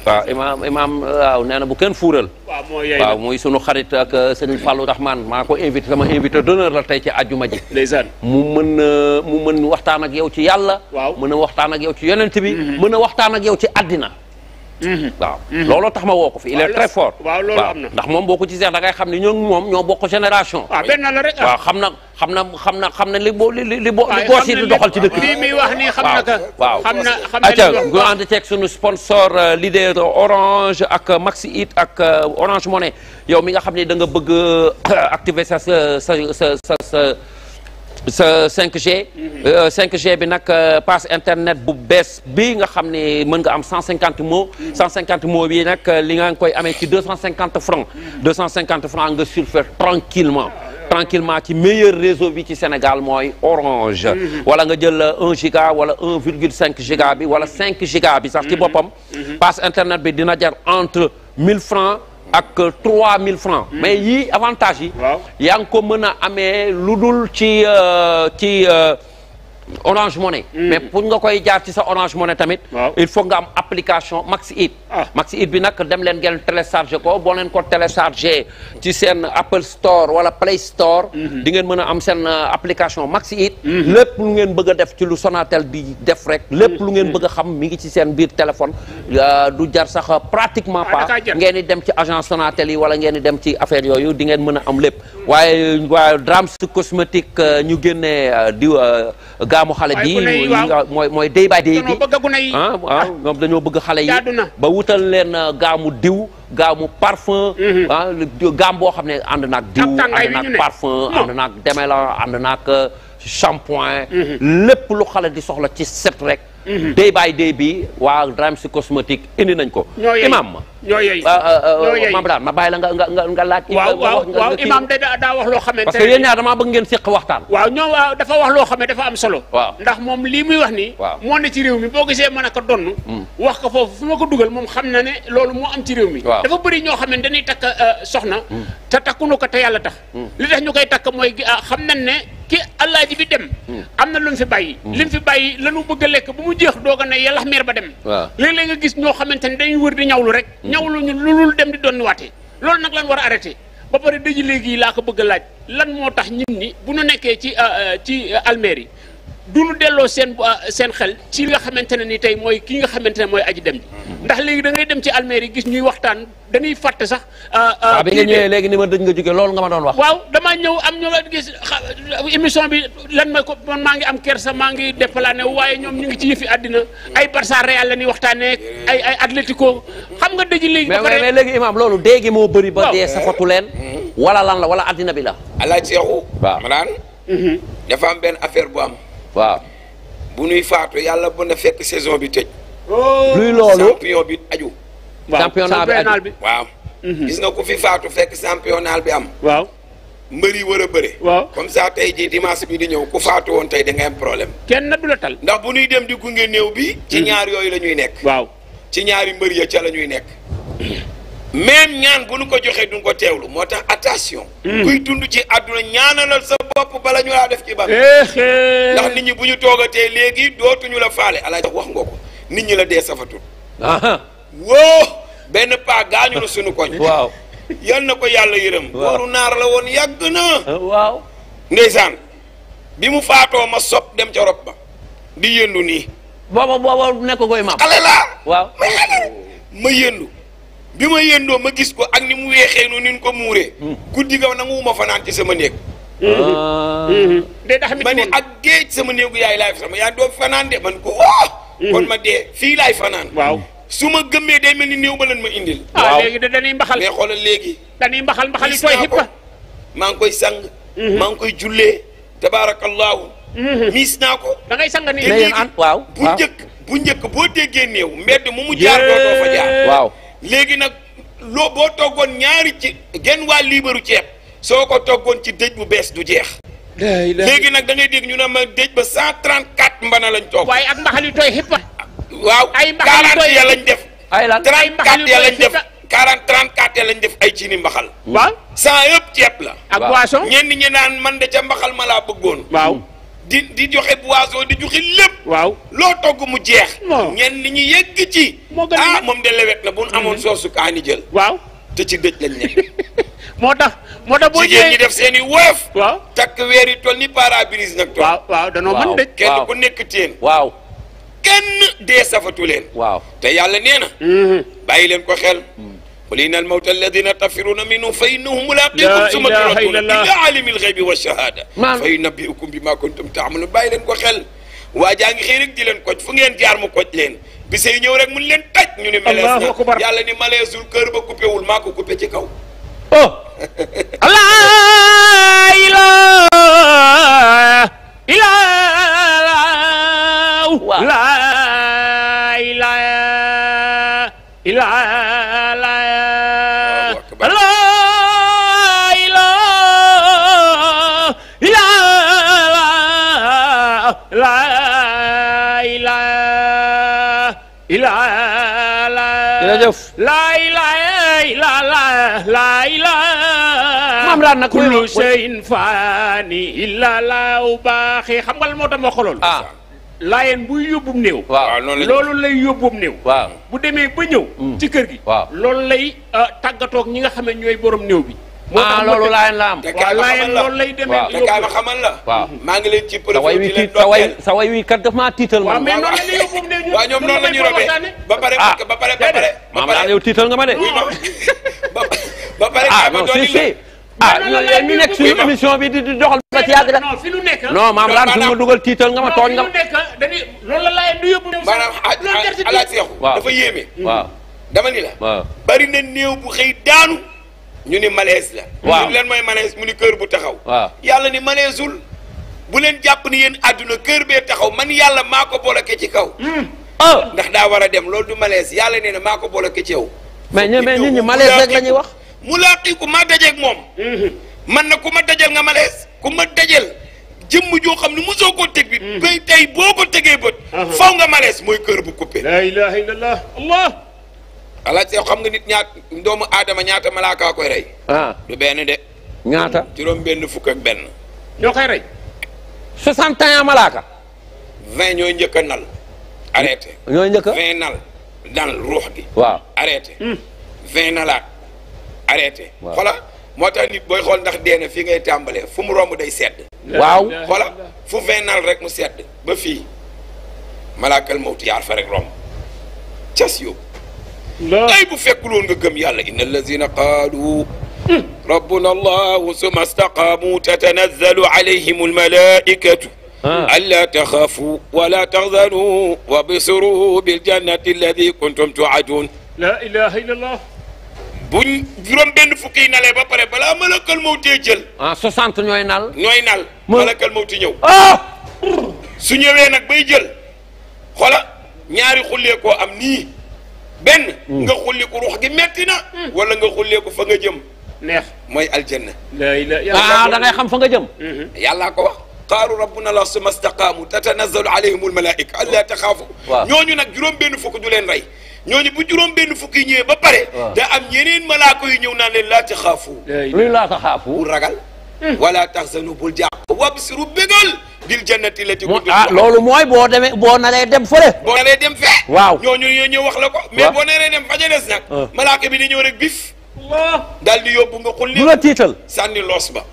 waaw imaam imaam waaw nee na bu kenn fuural. waaw muy sunu xarit ak euh, sëñ Fallou Rahman maa ko invité sama invité d'honneur la tey ci àjjuma ji. mu mën mu mën waxtaan ak yow ci yàlla. waaw mën a waxtaan ak yow ci yonent bi. Mm-hmm. mën a waxtaan ak yow ci àddina. Mm-hmm. waaw looloo tax ma woo ko fi il est très fort waaw loolu am na ndax moom boo ko ci seex da ngay moom ñoo bokk génération waaw ah, benn la rek ah. waaw xam na xam na xam na xam na li boo li li boo li goos yi di doxal ci dëkk bi muy xam na waaw xam na xam na aca gu ànd ceeg suñu sponsor euh, leader orange ak It ak euh, orange money yow mi nga xam ne da bëgg euh, activer sa sa sa sa sa sa 5G. 5G mhm. euh, bi nag euh, passe internet bu bees bi nga xam ne mën nga am mo mots. 150 mhm. mots bi nag euh, li nga koy amee ci 250 francs 250 mhm. francs nga surfer tranquillement tranquillement ci meilleur réseau bi ci Sénégal mooy Orange. wala nga jël 1 giga wala 1,5 giga bi wala 5 giga bi sax ci boppam. passe internet bi dina jar entre 1000 francs ak mille francs hmm. mais yii avantage yi yaa ngi ko mën a amee lu dul ci euh, ci euh, orange money. Mm. mais pour nga koy jaar ci sa orange money tamit. il faut nga am application Maxi It. Ah. Maxi It bi nag dem leen ngeen téléchargé ko boo leen ko téléchargé ci seen Apple Store wala Play Store. Mhm. di ngeen mën a am seen euh, application Maxi It. Mhm. lépp lu ngeen bëgg a def ci lu Sonatel di def rek. lépp lu ngeen mhm. bëgg a xam mu ngi ci seen biir téléphone. Euh, du jar sax pratiquement ah, pas ngeen di dem ci agence Sonatel yi wala ngeen di dem ci affaire yooyu di ngeen mën a am lépp euh, ñu génnee di. gaamu xale bi mooy mooy day by day bi ah ah ñoom dañoo bëgg xale yi ba wutal leen ah, gaamu diw gaamu parfum mhm. ah boo xam ne ànd naag diw ànd naag parfum ànd naag démêlant ànd naag euh, shampoing mhm. lépp lu xale di soxla ci set rek Mhm. day by day bi waa Drams cosmétique indi nañ ko. imam ñoo yooyu ah, ah, ah, ñoo yooyu Mame Rane ma bàyyi la nga nga nga laaj. waaw waaw waaw imam da wax loo xamante parce que yéen ñaar damaa bëgg ngeen seq waxtaan. waaw ñoo wax loo xam ne dafa am solo. waaw ndax moom lii muy wax nii. waaw moo ne ci réew mi boo gisee ma a ko donn. Mm. wax ko foofu fu ma ko dugal moom xam na ne loolu moo am ci réew mi. dafa bari ñoo xam ne dañuy takk euh, soxna. Mm. te takkunu ko te yàlla tax. Mm. li tax ñu koy takk mooy xam nañ ne ki alaaji bi dem hmm. am na lu mu fi bàyyi hmm. li mu fi bàyyi lanu bëgg a lekk bu mu jeex doog a ne yàlla meer ba dem léeg-léeg nga gis ñoo xamante ne dañuy wër di ñawlu rek hmm. ñawlu ñu lulul dem di doon waate loolu nag lan war a arrêté ba pare dëji léegi laa ko bëgg a laaj lan moo tax ñit ñi bu ñu nekkee ci euh, euh, ci euh, almeer yi du nu delloo seen ah, seen xel ci nga xamante ne ni tey mooy ki nga xamante ne mooy aji dem ndax léegi dangay dem ci almeeri gis ñuy waxtaan dañuy fàtte sax. waaw ah, ah, bi nga ñëwee léegi ni ma dëj nga jógee loolu nga ma doon wax. waaw damaa ñëw am ñu gis émission bi lan ma ko man maa ngi am ker kersa maa ngi déplané waaye ñoom ñu ngi ci yëfi àddina ay Barça Real la ñuy waxtaanee ay ay Atlético xam nga dëj léegi. ba pare mais léegi imaam loolu dégg moo bëri. ba dee safatu leen. wala lan la wala àddina bi la. alaaj seexu. waaw ma naan. Mhm. benn affaire bu am waaw bu nuy faatu yàlla bu na fekk saison bi tëj. Oh. luy loolu champion bi aju. waaw championnat bi waaw. Mhm. gis nga ku fi faatu fekk championnat bi am. waaw. mbër yi war a bëre. waaw comme ça tey jii dimanche bi di ñëw ku faatu woon tey da ngay am problème. kenn du la tal. ndax bu nuy dem di gunge néew bi. ci mhm. ñaar yooyu la ñuy nekk. waaw ci ñaari mbër ya ca la ñuy nekk. même ñaan bu nu ko joxee duñ ko teewlu moo tax attention. Hmm. kuy tund ci àdduna ñaanalal sa bopp bala ñu laa def ci ba eh, eh. ndax nit ñi bu ñu toogatee léegi dootuñu la faale alaaji wax nga ko nit ñi la dee safatul. woo benn paa gaañu na suñu waaw yal na ko yàlla yërëm. waru naar la woon yàgg na. waaw. ndeysaan bi mu faatoo ma sob dem ca rob ba. di yëndu nii. booba booba nekk koy maam. ma yëndu. bi ma yendoo ma gis ko ak ni mu weexee noonu ni ñu ko muuree. Hmm. guddi gaw nanguwuma fanaan ci sama néeg. de ndax mi ak géej sama néegu yaay laay sama yaay doo fanaan de man ko woo. Oh! Hmm. kon ma dee fii laay fanaan. waaw su ma gëmmee day mel ni néew ba lan ma indil. Ah, waaw léegi de dañuy mbaxal. mais xoolal léegi. dañuy mbaxal mbaxal yi koy xippa maa ngi koy sang. Hmm. maa ngi koy jullee. tabaarakallaahu. miis naa ko. da ngay sang nii. waaw bu njëkk bu njëkk boo déggee néew. mbedd mu mu jaar doo doo jaar léegi nag loo boo toggoon ñaari ci genn waa liibaru ceeb soo ko toggoon ci dëj bu bees du jeex. léegi nag da ngay dégg ñu ne ma dëj ba 134 mbana lañ toog. waaye ak mbaxal yu tooy xippa. waaw 40 ya lañ def. ay lan 34 ya lañ def 40 34 ya lañ def ay ci ni mbaxal. waaw 100 yëpp ceeb la. ak boisson ñenn ñi naan man de ca mbaxal ma laa bëggoon. waaw. di di joxe boisson di joxe lépp. waaw loo togg mu jeex. ñenn ñi yég ci. moo a ah moom de lewet na bu nu amoon mm-hmm. soosu kaani jël. waaw te ci dëj lañ nekk. moo tax moo tax boo jigéen ñi def seeni i woyof. takk weer yi toll ni pare nag. toll waaw danoo man dëj. kenn ku nekk teen. waaw kenn dee safatu leen. waaw te yàlla nee na. Mm-hmm. bàyyi leen ko xel. Mm. qul inna al mawta alladina tafiruna minhu wa shahada fa yunabbiukum bima kuntum taamaluun bàyyi leen ko xel waa jaa ngi xëy rek di leen koj fu ngeen jaar mu koj leen bise yi ñëw rek mun leen taj ñu ne laa ilaaha illallaah. jërëjëf. laa ilaaha illallaah. Eh, laa ilaaha. maam daan na ko kullu shay'in faani illallaah u baaxee xam nga lan moo tax ma xooloon. ah laayeen buy yóbbum néew. waaw loolu lay yóbbum néew. waaw bu demee ba ñëw. Mm. ci kër gi. waaw loolu lay ah, tàggatoo ak ñi nga xam ne ñooy borom néew bi. ah loolu laayeen la am. waaw laayeen loolu lay demee. te kaay ma xamal la waaw maa ngi leen ci profil di leen doon sa way wi kat daf maa tiital ma. waaw mais noonu la ñuy yóbbu ne ñu. waaw ñoom noonu la ñuy robee ah. ba pare ba pare ba pare. maam daal yow tiital nga ma de. ba pare ah non si si. ah ñu nekk suñu émission bi di doxal ba ci yàgg rek. non fi nu nekk non maam laan fi ma dugal tiital nga ma tooñ nga. loolu la laayeen du yóbbu. maanaam ah, alaaj Seexu dafa yéeme. waaw dama ni la. waaw bari na néew bu xëy daanu ñu ni malaise la. waaw lan mooy malaise mu ni kër bu taxaw. waaw yàlla ni malaiseul bu leen jàpp ni yéen àdduna kër bee taxaw man yàlla maa ko boloke ci kaw. Hmm. Ah. ndax daa war a dem loolu du malaise yàlla nee na maa ko boloke ci yow. mais ñemee nit ñi malaise rek la ñuy wax. mu ko maa dajeek moom. Hmm. man na ku ma dajal nga malaise ku ma dajal jëmm joo xam ne mosoo koo teg bi. bay hmm. tey boo ko tegee bët. Ah. faw nga malaise mooy kër bu coupé. la ilaha illallah allah. alaaj seex xam nga nit ñaat doomu aadama ñaata malaakaa koy rey ah du benn de ñaata juróom benn fukk ak benn ñoo koy rey soixante ans malaaka vingt ñooy njëkka a nal arrêté ñooy njëkk a vingt nal nal ruux gi waaw arrêté hmm. vingt nalaat arrêté xoola moo tax nit booy xool ndax dee fii ngay tàmbale fu mu romb day sedd waaw xoola fu vingt nal rek mu sedd ba fii malaakal mawtu yaar fa rek romb cas yóbbu tey bu fekkuloon nga gëm yàlla inna allazina qaalu hmm, rabbuna allahu summa staqaamu tatanazzalu alayhim almalaikatu alla ah. taxaafu wala taxzanu wa bisiru biljannati alladi kuntum tuadun la ilaha illallah buñ juróom benn fukki nalee ba pare balaa malakal mawti jël ah soixante ñooy nal ñooy nal malakal mawti ñëw ah! su ñëwee nag bay jël xola ñaari xullee koo am nii benn mm. nga xulli ko ruux gi metti na mm. wala nga xullee ko fa nga jëm neex mooy aljanna ah da ngay xam fa nga jëm mm-hmm. yàllaa ko wax qaalu rabbuna la summa staqaamu tatanazalu alayhim almalaika alla taxaafu ñooñu nag juróom benn fukk du leen rey ñooñu bu juróom benn fukk yi ñëwee ba pare da am ñeneen malaako yu ñëw naan leen laa taxaafu luy laa taxaafu ragal wala taxzanu bul jàpp wabsiru bégal bil jannati lati ah loolu mooy boo demee boo naree dem fële boo naree dem fee waaw ñooñu ñoo ñëw wax la ko mais boo naree dem faja des nag ah. malaaka bi di ñëw rek bif daal di yóbbu nga xul du la tiital sànni loos ba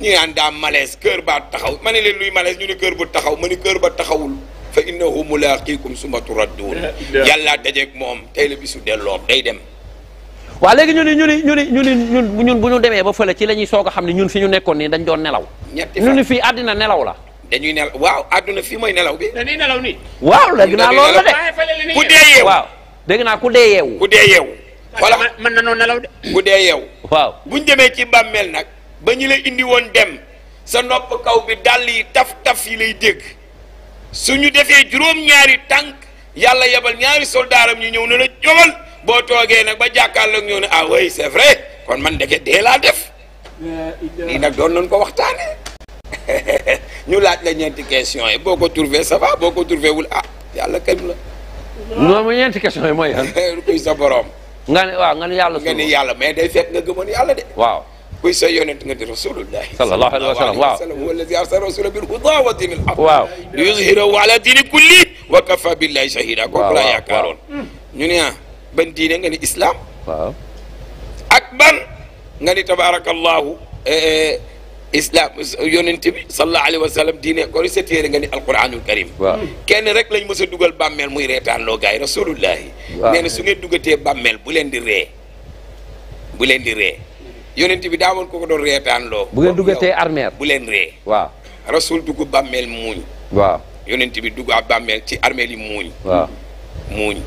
ñu naan daa malaise kër ba taxaw ma ne leen luy malaise ñu ne kër bu taxaw ma ne kër ba taxawul fa innahu mulaaqikum summa turadduun yàlla dajeeg moom tey la bisu delloo day dem waaw léegi ñu ni ñu ni ñu ni ñu ni ñun bu ñu demee ba fële ci la ñuy soog a xam ne ñun fi ñu nekkoon nii dañ doon nelaw ñu ni fii àddina nelaw la dañuy nelaw waaw àdduna fii mooy nelaw bi dañuy nelaw nii waaw léegi naa loolu la de ku dee yeewu waaw dégg naa ku dee yeewu ku dee yeewu wala mën na noonu nelaw de ku dee yeewu waaw buñ demee ci bàmmeel nag ba ñu la indi woon dem sa nopp kaw bi dàll yi taf-taf yi lay dégg ñu defee juróom-ñaari tànk yàlla yebal ñaari soldaaram ñu ñëw ne la jógal boo toogee nag ba jàkkaarloog ñëw ne ah oui c'est vrai kon man ndeke dee laa def lii nag doon nañ ko waxtaane ñu laaj la ti question yi boo ko trouvé ça va boo ko trouvé wul ah yàlla karim la non ma ñeenti question yi mooy yan kuy sa borom nga ne waaw nga ne yàlla nga yàlla mais day fekk nga gëmoon yàlla de waaw kuy sa yonent nga di rasulullah sallallahu alayhi wa sallam waaw huwa allazi arsala rasula wa dinil haq ñu ne ah ban diine nga ni islam. waaw ban nga ni tabaarakallaahu eh, eh, islam yonent bi sallallahu alayhi wa diine ko sa téere nga ni alquranul karim kenn rek lañ mës dugal bàmmeel muy reetaanloo gars yi rasulullahi nee na su ngeen dugatee bàmmeel bu leen di ree bu leen di ree bi daa woon ko ko doon reetaanloo bu ngeen dugatee armeel bu leen ree waaw rasul dugg bàmmeel muuñ waaw yonent bi dugg a bàmmeel ci armeel yi muuñ muuñ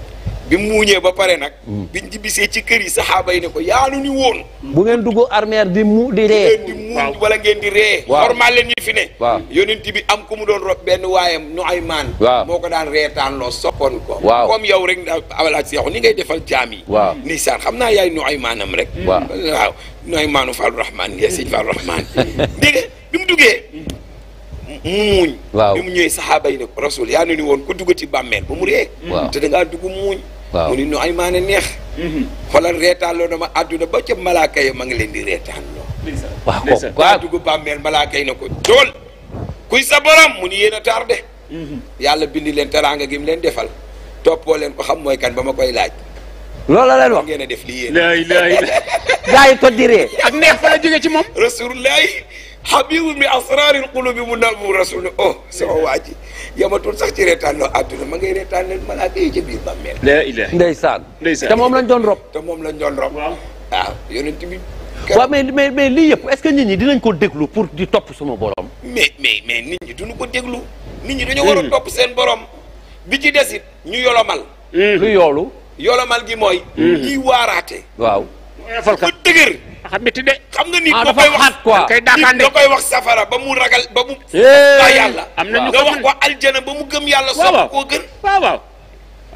bi mu muuñee ba pare nag. Mm. biñ jibisee ci kër yi saxaaba yi ne ko yaanu ni woon. bu ngeen dugg armeer di mu di ree. di muuñ wala ngeen di ree. normal leen ñi fi ne. waaw yonent am ku mu doon rob benn waayam nu ay maan. waaw moo ko daan reetaan loo soppoon ko. waaw comme yow rek abalaat yow ni ngay defal jaam yi. waaw ni saan xam naa yaay nu ay maanam rek. waaw waaw nu ay maanu Fallou Rahman yaa sëñ Fallou bi mu duggee. muuñ. waaw bi mu ñëwee saxaaba yi ne ko rasul yaa ni woon duggo duggati bàmmeel ba mu ree. te da ngaa dugg muuñ. waaw mu ni nu ay maane neex mm-hmm. xoolal reetaan loo na ma àdduna ba ca malaaka yi ma ngi leen di reetaan loo waaw kooku daa dugg bàmmeel na ko jóol kuy sa borom mu ni yéen a tardé mm-hmm. yàlla bindi leen teraanga gi leen defal toppoo leen ko xam mooy kan ba ma koy laaj loolu la leen wax ngeen a def li yéen laay laay gaa yi ko diree ak neex fa la jóge ci moom rasulullah xabibu bi asraaril qulubi mu nal mu rasul oh sama waa ji yamatul sax ci reetaanloo àdduna ma ngay reetaan leen malaaka yi ca biir bàmmeel la ilaha saan ndeysaan te moom lañ doon rob te moom la doon rob waaw ah, yonent bi waaw mais mais mais lii yëpp est-ce que nit ñi dinañ ko déglu pour di topp suma borom mais mais mais nit ñi duñu ko déglu nit ñi dañu war a mm. topp seen borom bi ci desit ñu yolomal mm. lu yoolu yolomal gi mooy mm. ñiy waaraate waaw oyofal ko dëgër xam métti de xam nga nit ko ah, koy wax koy daakaande koy wax safara ba mu ragal ba mu eh. ba yàlla am na ñu ko wax ko aljana ba mu gëm yàlla sopp koo gën waaw waaw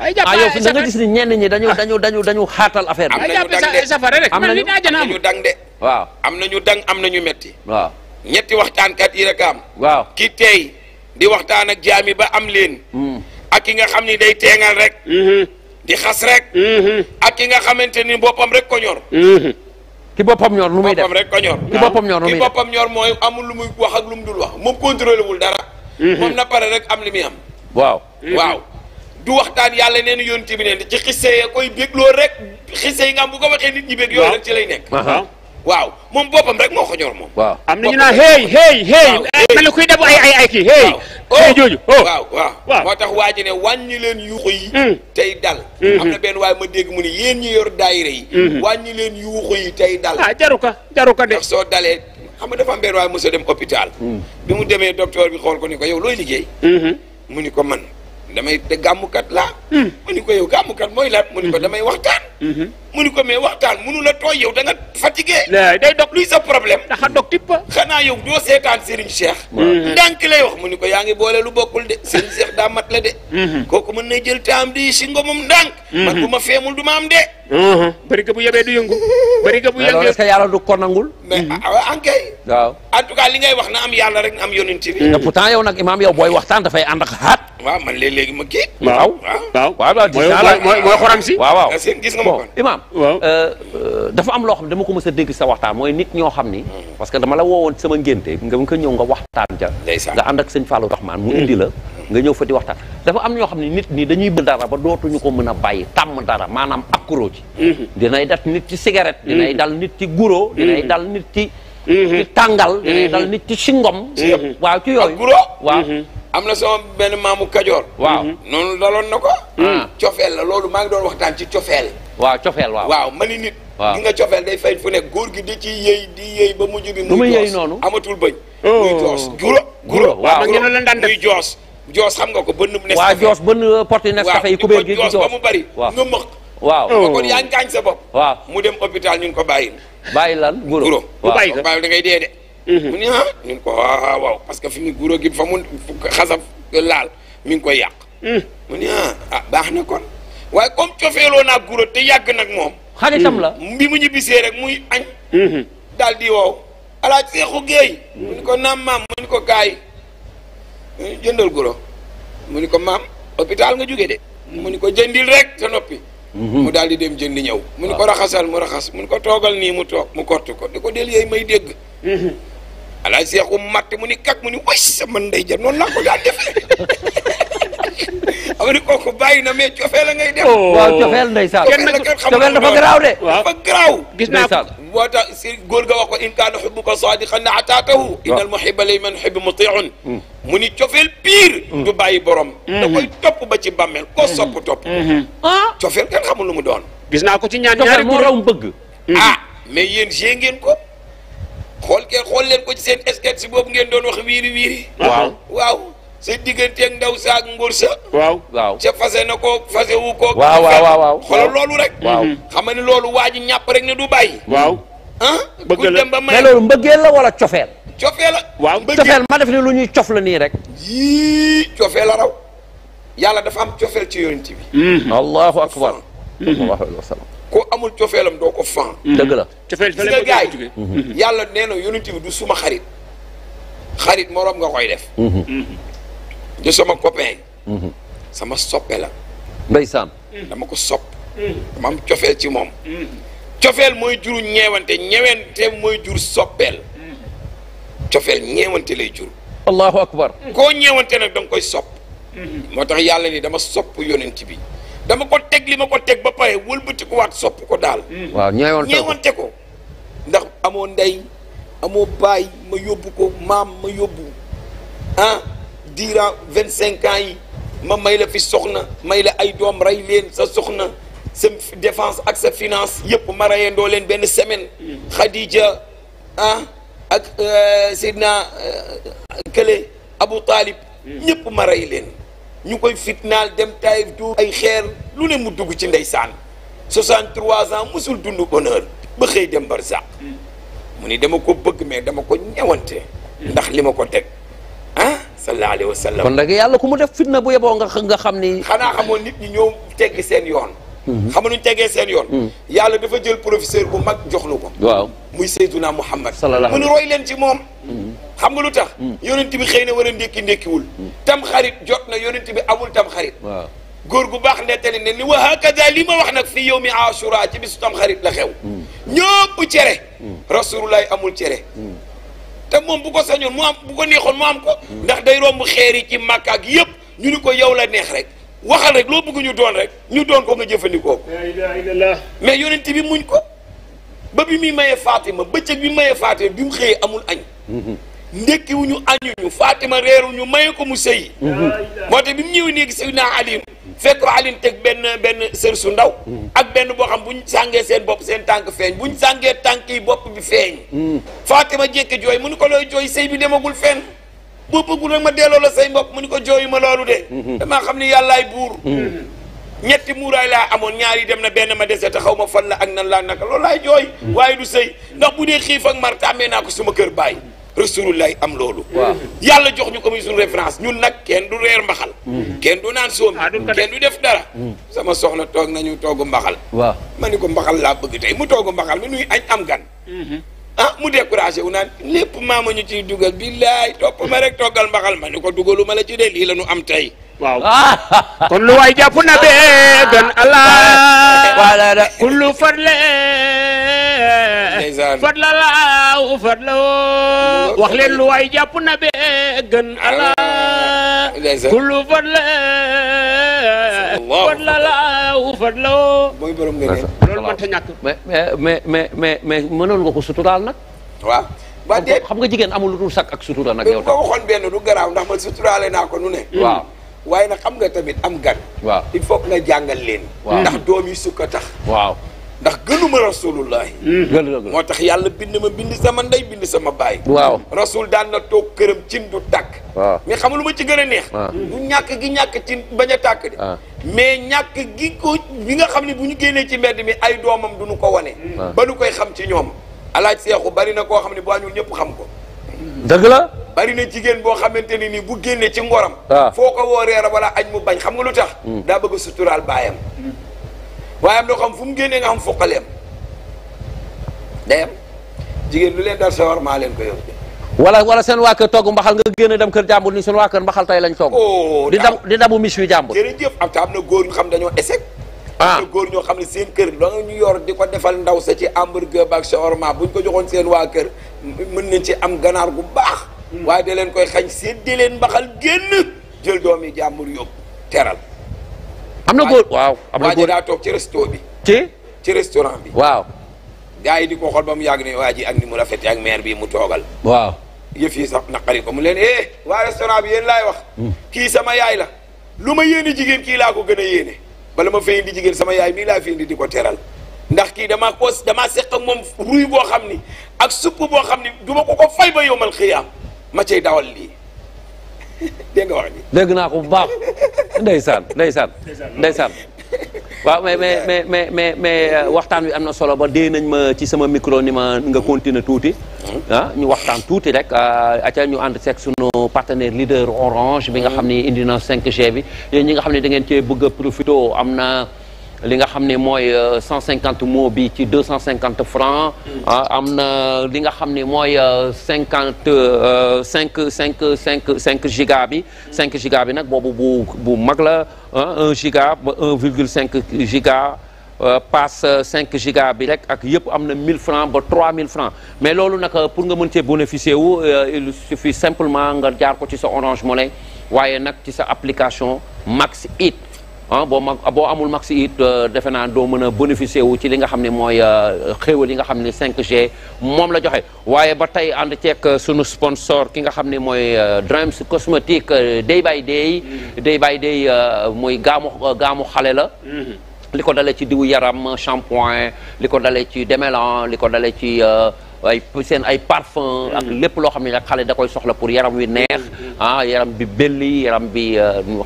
ay jàpp ah, yow fi ni ñenn ñi dañu dañu dañu dañu xaatal affaire bi ay safara rek am nañu dang de waaw am nañu dang am nañu metti waaw ñetti waxtaankat yi rek am waaw ki tey di waxtaan ak jaami ba am leen hmm. ak ki nga xam ni day teengal rek hmm. di xas rek. Mm-hmm. ak ki nga xamante ni boppam rek ko ñor. Mm-hmm. ki boppam ñor lu muy def rek ko ñor. ki boppam ñor lu muy def ñor mooy amul lu muy wax ak lu mu dul wax moom contrôlé wul dara. Mm-hmm. moom na pare rek am li muy am. waaw waaw. du waxtaan yàlla nee yoon yonent bi ne ci xisee koy bégloo rek xisee yi nga am bu ko waxee nit ñi bég. waaw yooyu ci lay nekk. waaw moom boppam rek moo ko ñor moom. waaw am na ñu naan hey hey hey. mel ni kuy dab kii hey. waaw oh. jooju oh. waaw waaw. moo tax waa ji ne wàññi leen yuuxu yi. Hmm. tey dal. Hmm, am hmm. na benn waaye ma dégg mu ne yéen ñi yor daayira yi. wàññi leen yuuxu yi tey dal. ah jaruka jaruka de. ndax soo dalee xam nga dafa am benn waaye mos a dem hôpital. bi mu demee docteur bi xool ko ni ko yow looy liggéey. mu ni ko man. damay te gàmmukat la hmm. mu ni ko yow gàmmukat mooy lan. mu ni ko hmm. damay waxtaan. Hmm. mu ni ko mais waxtaan mënu la tooy yow da nga fatigué. day dog luy sa problème. daxa dog tipp xanaa yow doo seetaan Serigne Cheikh. ndànk lay wax mu ni ko yaa ngi lu bokkul de Serigne Cheikh daa mat la de. kooku mën na jël taam di si ngomam ndànk. man bu ma feemul du ma am de. bëri nga bu yebee du yëngu. bëri nga bu yëngu est-ce yàlla du ko nangul. mais ah ankay. Ah, waaw en tout cas li ngay wax na am yàlla rek na am yonent bi. te pourtant yow nag imaam dafay ànd waaw man léeg-léegi ma kii. waaw waaw waaw mooy mooy xoram si. waaw waaw gis nga ma imaam. Euh, euh, dafa am loo xam dama ko mës a dégg sa waxtaan mooy nit ñoo xam ni. Hmm. parce que dama la woowoon sama ngénte nga nga ñëw nga waxtaan ja. nga ànd ak sëñ Fallou Rahman mu hmm. indi la. nga ñëw fa di waxtaan dafa am ñoo xam ne nit ñi dañuy bëgg dara ba ñu ko mën a bàyyi tàmm dara maanaam accro ci. Hmm. dinay dal nit ci cigarette. dinay dal nit ci guro. dinay dal nit ci. ci tàngal. dinay dal nit ci singom. waaw ci yooyu waaw. am na sama benn maamu kajoor. waaw noonu daloon na ko. Hmm. cofeel la loolu maa ngi doon waxtaan ci cofeel. waaw cofeel waaw waaw ma ni nit. gi nga cofeel day fay fu nekk góor gi di ci yëy di yëy ba mujj bi. muy yëy noonu amatul bëñ. Oh. muy joos guro. guro waaw daan def joos. joos xam nga ko bënn Nescafé. waaw joos bënn euh, porte Nescafé yi kubéer gi joos ba mu bari. waaw nga mëq. waaw ba kon sa bopp. waaw mu dem hôpital ñu ko bàyyi. bàyyi lan guro waaw bàyyi da dee de Mhm. mu ni ah ñun ko waaw ah, ah, waaw parce que fi mu guro gi fa mu xasaf laal mi ngi koy yàq mhm. mu ni ah ah baax na kon waaye comme cofeeloo naa guro te yàgg nag moom xaritam la mm. bi mu ñibbisee rek muy añ mhm. daal di woow alaaj seexu géey mu ni ko naam maam mu ni eh, jëndal guro mu ni ko maam hôpital nga jóge de mu ni ko jëndil rek te noppi mu daal di dem jëndi ñëw mu ni ko raxasal mu raxas mu ni ko toogal nii mu toog mu kort ko di ko del yeey may dégg ala seexu matt mu ni kak mu ni wëy sama ndey ja noonu laa ko daan defee xam nga ni kooku bàyyi na mais cofeel la ngay def. Oh. waaw cofeel ndeysaan. cofeel dafa garaaw de. dafa garaaw. gis naa ko moo tax si góor ga wax ko in kaana xubbuka saadiqan la ataatahu. innal muhibba liman yuhibbu mutiun mm. mu ni cofeel pire. Mm. du bàyyi borom. Mm-hmm. da koy topp ba ci bàmmeel koo mm-hmm. sopp topp. Mm-hmm. ah cofeel kenn xamul lu mu doon. gis naa ko ci ñaan ñaari góor cofeel moo raw bëgg. ah mais yéen gée ngeen ko. xool ke xool leen ko ci seen sketch si boobu ngeen doon wax wiiri wiiri. waaw waaw. sa digganteeg ndaw saak mbur sa. waaw waaw. ca fase na ko fase wu ko. waaw waaw waaw loolu rek. waaw xam nga ni loolu waa ji ñàpp rek ne du bàyyi. waaw. ah ku dem ba may mbëggeel la wala cofeel. cofeel la. waaw cofeel ma def ni lu ñuy cof la nii rek. yii cofeel la raw. yàlla dafa am cofeel ci yonent bi. Hmm. allahu koo amul cofeelam doo ko fan mm-hmm. dëgg la cofeel fële nga mm-hmm. yàlla nee na yonent bi du suma xarit xarit moroom nga koy def mm-hmm. du sama copain sama soppe la ndeysaan mm. dama ko sopp mm. dama am ci moom mm. cofeel mooy jur ñeewante ñeewante mooy jur soppeel cofeel ñeewante lay jur allahu akbar koo ñeewante nag da koy sopp moo tax yàlla ni dama sopp yonent bi dama ko teg li ma ko teg ba pare wëlbati ko waat sopp ko daal. Hmm. waaw ñeewante ko ndax amoon ndey amoo baay ma yóbbu ko maam ma yóbbu ah diira vingt cinq ans yi ma may la fi soxna may la ay doom ray leen sa soxna sa défense ak sa finance yëpp ma reyandoo leen benn semaine. Hmm. Khadija ah ak euh, Seydina euh, Kële Abu Talib. Hmm. ñëpp ma rey leen. ñu koy fitnaal dem Taïf du ay xeer lu ne mu dugg ci ndeysaan 63 ans musul dund honneur ba xëy dem barsàq mu ni dama ko bëgg mais dama ko ñewante ndax li ma ko teg ah sallallahu alayhi wa sallam kon nag yàlla ku mu def fitna bu yeboo nga nga xam ni xanaa xamoon nit ñi ñoo teggi seen yoon Mm-hmm. xam ñu tegee seen yoon mm-hmm. yàlla dafa jël professeur bu mag jox nu ko waaw muy Seyduna Muhammad mu nu roy leen ci moom mm-hmm. xam nga lu tax yonent bi xëy na war a ndékki ndékkiwul tam xarit jot na yonent bi amul tam xarit góor gu baax nettali ne ni wa hakada li ma wax nag fii yow mi asura ci bisu tam xarit la xew ñëpp cere rasulullahi amul cere te moom bu ko sañoon mu am bu ko neexoon mu am ko ndax day romb xeer yi ci màkk ak yëpp ñu ni ko yow la neex rek waxal rek loo bëgg ñu doon rek ñu doon ko nga jëfandikoo ko mais yonent bi muñ ko ba bi muy mayee Fatima bëccëg bi mayee Fatima bi mu xëyee amul añ mhm. ndekkiwuñu añuñu Fatima reeruñu maye ko mu sëyi mhm. moo bi mu ñëwee néegi naa Ali fekk alin teg benn benn sër su ndaw mhm. ak benn boo xam bu ñu sàngee seen bopp seen tànk feeñ bu ñu sàngee tànk yi bopp bi feeñ Fatima jékke jooy mu ni ko looy jooy sëy bi demagul fenn boobu bëggul nag ma delloo la say mbokk mu ni ko jooyu ma loolu de mhm. damaa xam ni yàllaay buur mhm. ñetti muuraay laa amoon ñaari dem na benn ma dese te xaw ma fan la ak nan laa naka loolu laay jooy mhm. waaye du sëy ndax bu dee xiif ak mar tàmmee naa ko suma kër bàyyi rasulullahi am loolu yàlla jox ñu ko muy suñu référence ñun nag kenn du reer mbaxal kenn du naan soom ah, kenn du def dara sama soxna toog nañu toogu mbaxal ma ni ko mbaxal laa bëgg tey mu toogu mbaxal mi nuy añ am gan ah mu découragé wu naan lépp maama ñu ciy dugal billaay topp ma rek toggal mbaxal ma ni ko dugalu ma la ci de lii am tey waaw kon lu waay na bee gën allah wala kullu farle farla laaw farla wax leen lu na gën ah. allah kullu farle kon la laaw fadloo. mooy borom ngeen loolu mënta ñàkk. mais mais mais mais mais mënoon nga ko suturaal nag. waaw. waa déet xam nga jigéen amul lu dul sakk ak sutura nag. yow tam ko waxoon benn du garaaw ndax man suturaale naa ko nu ne. Hmm. waaw waaye nag xam nga tamit am gan. waaw il faut que jàngal leen. waaw ndax doom yi su ko tax. waaw. ndax gënuma rasulullahi hmm. moo tax yàlla bind ma bind sama ndey bind sama baay waaw rasul daan na toog këram cin du tàkk mais xam lu ma ci gën a neex bu ñàkk gi ñàkk ci bañ a tàkk de ah. mais ñàkk gi ko bi nga xam ne bu ñu génnee ci mbedd mi ay doomam du ñu ko wane ah. ba nu koy xam ci ñoom alaaj seexu bari na koo xam ne bu añul ñëpp xam ko dëgg la bari na jigéen boo xamante ne nii bu génnee ci ngoram ah. foo ko woo reera wala añ mu bañ xam nga lu tax hmm. daa bëgg a baayam waaye am loo xam fu mu génnee nga xam foqaleem day am jigéen lu leen dal sa war maa leen ko yor wala wala seen waa kër togg mbaxal nga génn dem kër jàmbur ni seen waa kër mbaxal tey lañ togg di oh, dab di dabu mis wi jàmbur jërëjëf am ta am na góor ñu xam dañoo échec ah am na góor ñoo xam ne seen kër la nga ñu yor di ko defal ndaw sa ci hamburger ak shawarma buñ ko joxoon seen waa kër mën nañ ci am ganaar gu baax hmm. waaye da leen koy xañ seen di leen mbaxal génn jël doomi jàmbur yóbbu teral am na góor waaw am na góor daa toog ci resto bi. ci ci restaurant bi. waaw. gars yi di ko xool mu yàgg ne waa ji ak ni mu rafet ak maire bi mu toogal. waaw. yëf yi sax naqari ko mu leen eh waa restaurant bi yéen laay wax. Hmm. kii sama yaay la. lu ma yéene jigéen kii laa ko gën a yéene. bala ma fay indi jigéen sama yaay mii laa fi di ko teral. ndax kii damaa ko damaa seq ak moom ruy boo xam ni ak supp boo xam ni du ma ko ko fay ba yomal xiyaam ma cay dawal lii. dégg naa ko bu baax ndeysaan ndeysaan ndeysaan waaw mais mais mais mais mais euh, waxtaan wi am na solo ba dee nañ ma ci sama micro nga continuer tuuti mmh. ah ñu waxtaan tuuti rek a euh, aca ñu ànd seeg sunu partenaire leader orange bi nga mmh. xam ne indi na cinq g bi yéen ñi nga xam ne dangeen ngeen cee bëgg profité am na li nga xam ne mooy 150 euh, mots bi ci 250 francs ah, am na li nga xam ni mooy 50 5 5 5 5 giga bi 5 giga bi nag boobu bu bu mag la 1 giga ba 1 virgule 5 giga euh, passe 5 giga bi rek ak yëpp am na mille francs ba mille francs mais loolu nag euh, pour nga mën cee bénéficier wu il suffit simplement nga jaar ko ci sa Orange Money waaye nag ci sa application Max It ah boo mag boo amul mag max it euh, defe naa doo mën a bénéficier wu ci li nga xam ne mooy euh, xéewal yi nga xam ne 5G moom la joxe waaye ba tey ànd ceeg euh, sunu sponsor ki nga xam ne mooy Dreams Cosmétique day by day mm-hmm. day by day mooy gaamu xale la mm-hmm. li ko dalee ci diwu yaram shampoing li ko dale ci démêlant li ko dale ci ay seen ay parfum mm-hmm. ak lépp loo xam ne nag xale da koy soxla pour yaram wi neex ah, yaram bi belli yaram bi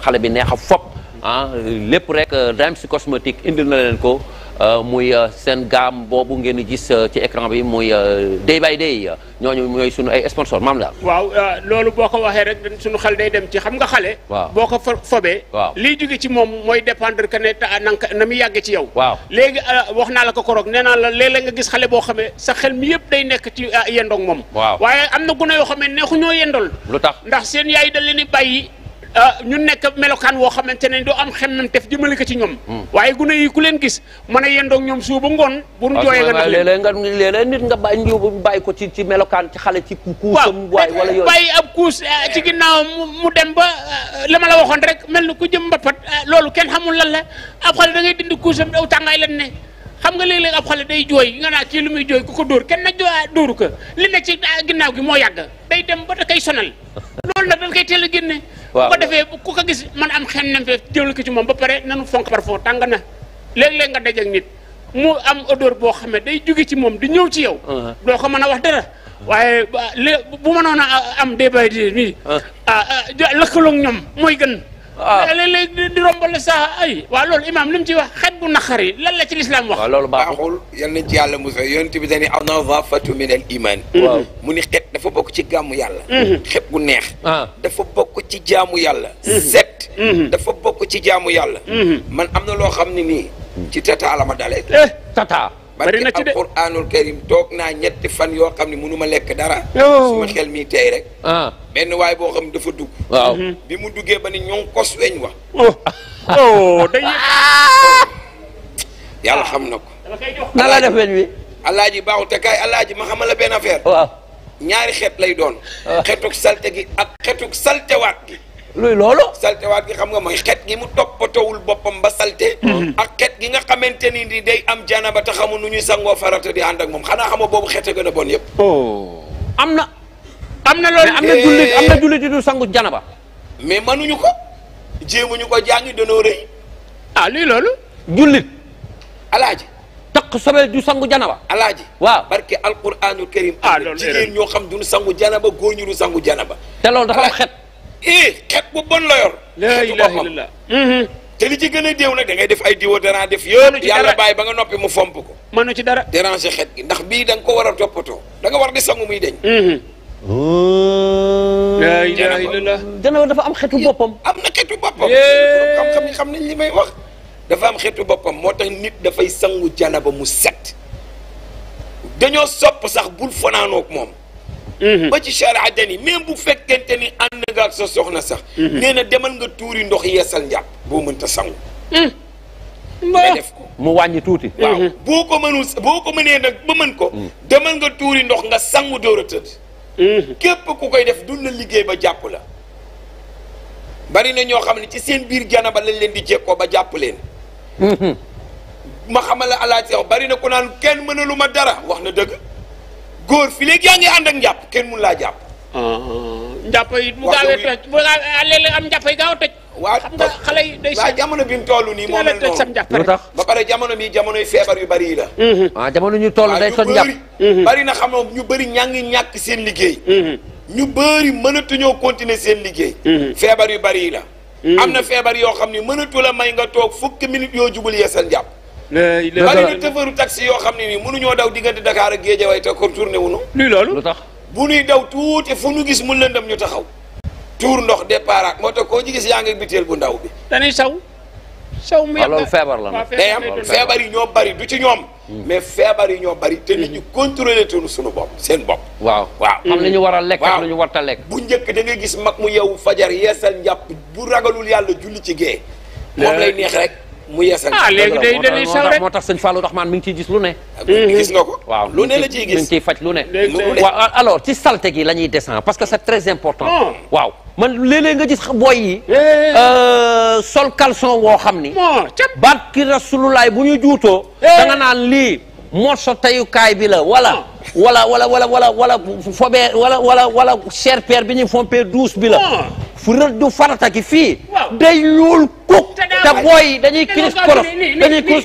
xale bi neex a fop ah lépp rek euh, Dreams cosmétique indil na leen ko euh, muy euh, seen gaam boobu ngeen di gis ci écran bi muy day by day ñooñu ñooy sunu ay sponsor maam la waaw loolu boo ko waxee rek sunu xel day dem ci xam nga xale waaw boo ko fobee waaw liy jóge ci moom mooy dépendre que ne nanka na mu yàgge ci yow waaw léegi wax naa la ko ko koroog nee naa la léeg nga gis xale boo xamee sa xel mi yëpp day nekk ci yendoog moom waaw waaye am na gune yoo xamee neexu ñoo yendol lu tax ndax seen yaay Euh, ñu nekk melokaan woo xamante ne doo am xem xemmem tef jëmale ko ci ñoom hmm. waaye gune yi ku leen gis mën a yendoog ñoom suu ba ngoon bu ñu jooyee nga nag léeg nga léeg-léeg nit nga bàyyi njiw bàyyi ko ci ci melokaan ci xale ci kuusam waay wala yooyu bàyyi ab kuus euh, ci ginnaaw mu dem ba euh, la ma la waxoon rek mel ni ku jëm mbappat loolu kenn xamul lan la ab xale da ngay dindi kuusam aw tàngaay lan ne xam nga léeg-léeg ab xale day jooy nga naa kii lu muy jooy ku ko dóor kenn na jooy dóoru ko li nekk ci ginnaaw gi moo yàgg day dem ba da koy sonal loolu nag dañ koy teel a génne ba defee ku ko gis man am xen nam fee jël ko ci moom ba pare nanu fonk par foo tàng na léeg-léeg nga daj ak nit mu am odeur boo xam ne day jóge ci moom di ñëw ci yow uh-huh. doo ko mën a wax dara waaye bu mënoon a am débat bi uh-huh. ah, ah lëkkaloog ñoom mooy gën waaw ah. léeg-léeg di rombal sa ay waaw loolu imaam li ci wax xet bu naqari lan la ci lislaam wax. waaw loolu baaxul yal nañ ci yàlla musal yonent bi dañuy aw nazaafatu min al iman. Mm-hmm. mu ni xet dafa bokk ci gàmmu yàlla. Mm-hmm. xet bu neex. Ah. dafa bokk ci jaamu yàlla. Mm-hmm. set. dafa bokk ci jaamu yàlla. man am na loo xam ne ni ci tata la ma dalee. Eh, tata. bari na ci de alquranul karim toog naa ñetti fan yoo xam ne mënu ma lekk dara. su ma xel mi tey rek. Ah. benn waay boo xam dafa dugg. Mm-hmm. bi mu duggee ba ni ñoo kos weñ wax. oh, oh yàlla xam na ko. ala def weñ wi. alaaji baaxul te kaay alaaji ma xamal la benn affaire. waaw ñaari xeet lay doon. Ah. xetuk salte gi ak xetuk saltewaat gi. luy loolu saltewaat gi xam nga mooy xet gi mu toppatowul boppam ba salte mhm. ak ket gi nga xamante ni di day am janaba te xamul nu ñuy sangoo farata di ànd ak moom xanaa xama boobu xet a gën a oh. am na am na loolu am na jullit eh. am na jullit du sangu janaba mais mënuñu ko jéemuñu ko jàngi danoo rëy ah luy loolu jullit alaaji taq sobe du sangu janaba alaaji waa barke alquranul karim ah loolu jigéen ñoo xam duñu sangu janaba góor ñu du sangu janaba te loolu dafa am xet eh xet bu bon la yor. la ilaha illallah mm-hmm. te li ci gën a déew nag da ngay def ay déodorant def yëpp yàlla bàyyi ba nga noppi mu fomp ko mënu ci dara déranger xet gi ndax bii da ko war a toppatoo da war di sangu muy deñ mm-hmm. oh. la ilaha illallah dafa am xetu boppam am na xetu boppam xam-xam yi xam nañ li may wax dafa am xetu boppam moo tax nit dafay sangu janaba mu set dañoo sopp sax bul fanaanook moom Mhm. ba ci charia dani même bu fekkente ni ànd nga ak sa soxna sax mhm. nee na demal nga tuuri ndox yeesal njàpp boo mënta sangu mhm. nga def ko mu wàññi tuuti waaw boo ko mënul boo ko mënee nag ba mën ko demal nga tuuri ndox nga sangu door a tëdd képp ku koy def dun la liggéey ba jàpp la bari na ñoo xam ne ci seen biir janaba lañ leen di jekkoo ba jàpp leen ma xamal la alaaji bari na ku naan kenn mënalu ma dara wax na dëgg góor fi léegi yaa ngi ànd ak njàpp kenn mun laa jàpp. Ah, njàpp yi mu gaawee toj mu ah, léeg-léeg am njàpp yi gaaw a toj. waaw xam nga xale yi day. jamono bi toll nii moo mel noonu lu tax ba pare jamono bi jamonoy feebar yu bari la. Uhuh. Ah, jamono ñu toll day toj njàpp. Uhuh. bari na xam ñu bari ñaa ngi ñàkk seen liggéey. Uhuh. ñu bari mënatuñoo continuer seen liggéey. feebar yu bari la. am na feebar yoo xam ni mënatu la may nga toog fukki minutes yoo jubul yeesal njàpp bari na tëfëru taxi yoo xam ne nii mënuñoo daw diggante Dakar ak Guédiawaye te contourné wuñu luy loolu lu tax bu ñuy daw tuuti fu ñu gis mu lëndëm ñu taxaw tuur ndox départ ak moo te koo ci gis yaa ngi biteel bu ndaw bi dañuy saw saw mu ah, loolu feebar la day am feebar yi ñoo bari du ci ñoom hmm. mais feebar yi ñoo bari te nit ñu hmm. contrôlé tunu suñu bopp seen bopp waaw waaw xam ñu war a lekk ak lu ñu warta lekk bu njëkk da gis mag mu yow fajar yeesal njàpp bu ragalul yàlla julli ci gée moom lay neex rek mu yeesal ah léegi day dañuy sal rek moo tax sëñ Fallou mi ngi ciy gis lu ne. gis nga ko. waaw lu ne la ciy gis mi ngi faj lu ne. waaw alors ci salte gi la ñuy descend parce que c'est très important. waaw man léeg nga gis booy yi. sol caleçon woo xam ni. baat ki rasululaay bu ñu juutoo. da nga naan lii moo morso tayukaay bi la wala. wala wala wala wala wala fobee wala wala wala cher père bi ñuy fompee douce bi la. fu rëddu farata gi fii. day ñuul kuk. te booy dañuy kiris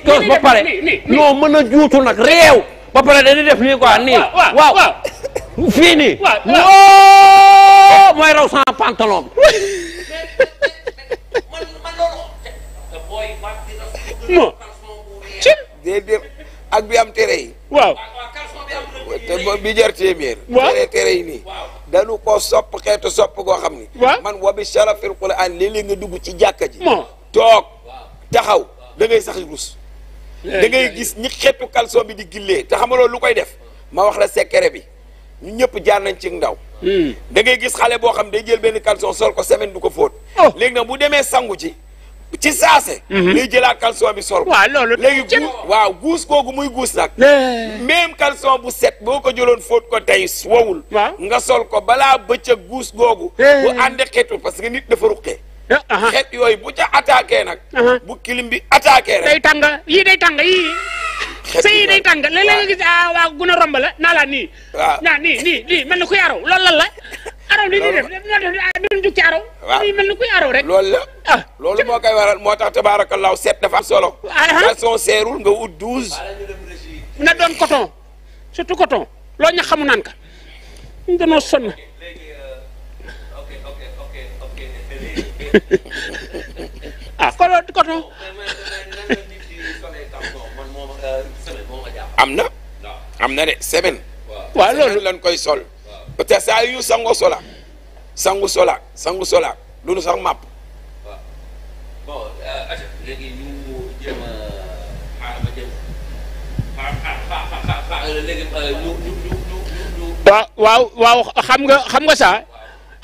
koros ba pare. ñoo mën a juutu nag réew. ba pare dañuy def nii quoi nii. waaw fii nii. waaw mooy raw sans pantalon. non. déedéet ak bi am tere yi. waaw. waaw dañu ko sopp xeetu sopp goo xam ni. man wabi sharafil quran léeg-léeg nga dugg ci jàkka ji. toog taxaw da ngay sax rus. da ngay gis ñi xeetu kalson bi di gillee te xam lu koy def ma wax la secret bi ñu ñëpp jaar nañ ci ndaw. Hmm. da ngay gis xale boo xam day jël benn kalson sol ko semaine du ko fóot. Oh. léegi nag bu demee sangu ji ci saase. lay mhm. jëlaat caleçon bi sol ko. waaw loolu léegi waaw guus googu muy guus nag. même caleçon bu set boo ko jëloon fóot ko tey wowul. nga sol ko balaa bëccëg guus googu. bu ànd xeetu parce que nit dafa ruqee. Eh, xeet yooyu bu ca attaqué nag. bu kilim bi attaqué rek. day tàng yii day tàng yii. xet yi day tàng léeg nga gis ah waa guna romb la naa laa nii. nii nii nii mel ni ku yaru loolu lan la. araw li ñuy def duñ jug ci araw. waaw mel ni kuy araw rek. loolu la ah loolu moo koy waral moo tax tabaarakallaahu seet dafa am solo. façon ah, ah. seerul nga ut douze. na doon coton surtout coton loo ñax xamu naan ka ñu danoo sonn. Euh, ah coton coton. am na. am na de semaine. waaw loolu lan koy sol. te saa yu sola sangu solaak sangu solaak loolu sax màpp. waaw xam nga xam nga sa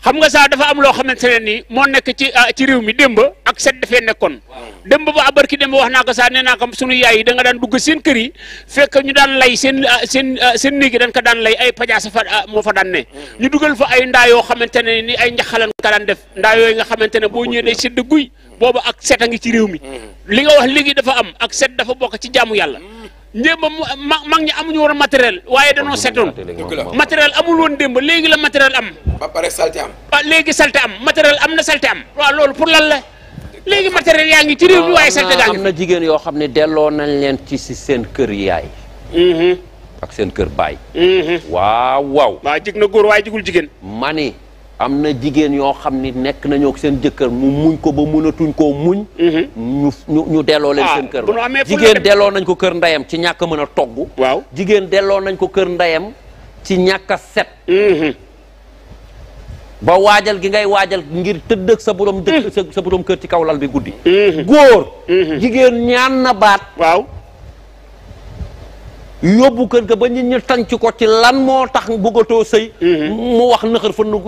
xam nga saa dafa am loo xamante ne nii moo nekk ci ah, ci réew mi démb ak set dafee nekkoon démb ba abarki démb wax naa ko saa nee naa ko sunu yaay yi da nga daan dugg seen kër yi fekk ñu daan lay seen ah, seen ah, seen néegi dañ ka daan lay ay pajaas fa moo fa daan ne hmm. ñu dugal fa ay ndaa yoo xamante ne ni ay njaxalan ka daan def ndaa yooyu nga xamante ne boo ñëwee day sedd guy hmm. boobu ak set ngi ci réew mi hmm. li nga wax léegi dafa am ak set dafa bokk ci jaamu yàlla démb ma mag ñi amuñu woon matériel waaye danoo setoon matériel amul woon démb léegi la matériel am ba pare salte am waaw léegi salte am matériel am na salte am waaw loolu pour lan la léegi matériel yaa ngi ci réew mi waaye salte gaa ngi am na jigéen yoo xam ne delloo nañ leen ci si seen kër yaay mm-hmm. seen kër baay mm-hmm. waaw waaw waaw jig na góor waaye jigul jigéen mani am na jigéen yoo xam ni nekk nañoo seen jëkkër mu muñ ko ba munatuñ koo muñ. ñu ñu ñu delloo leen ah, seen kër. ba jigéen delloo nañ ko kër ndeyam ci ñàkk mën a togg. waaw jigéen delloo nañ ko kër ndeyam ci ñàkk a set. Mm-hmm. ba waajal gi ngay waajal ngir tëdd sa borom. dëkk mm. sa borom kër ci kaw lal bi guddi. Mm-hmm. góor. Mm-hmm. jigéen ñaan na baat. waaw. yóbbu kër ga ba nit ñi tànc ko ci lan moo tax bëggatoo sëy mhm. mu wax nëxër fan nu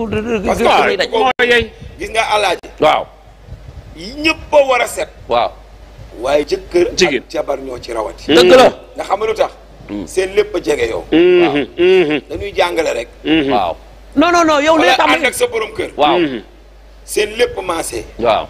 parce que mooy yey gis nga alaaji waaw ñëpp war a set waaw waaye jëkkër jigéen jabar ñoo ci rawati mhm. dëgg la nga xam lu tax mhm. seen lépp jege yow dañuy jàngale rek waaw non yow lee sa borom kër waaw seen lépp maase waaw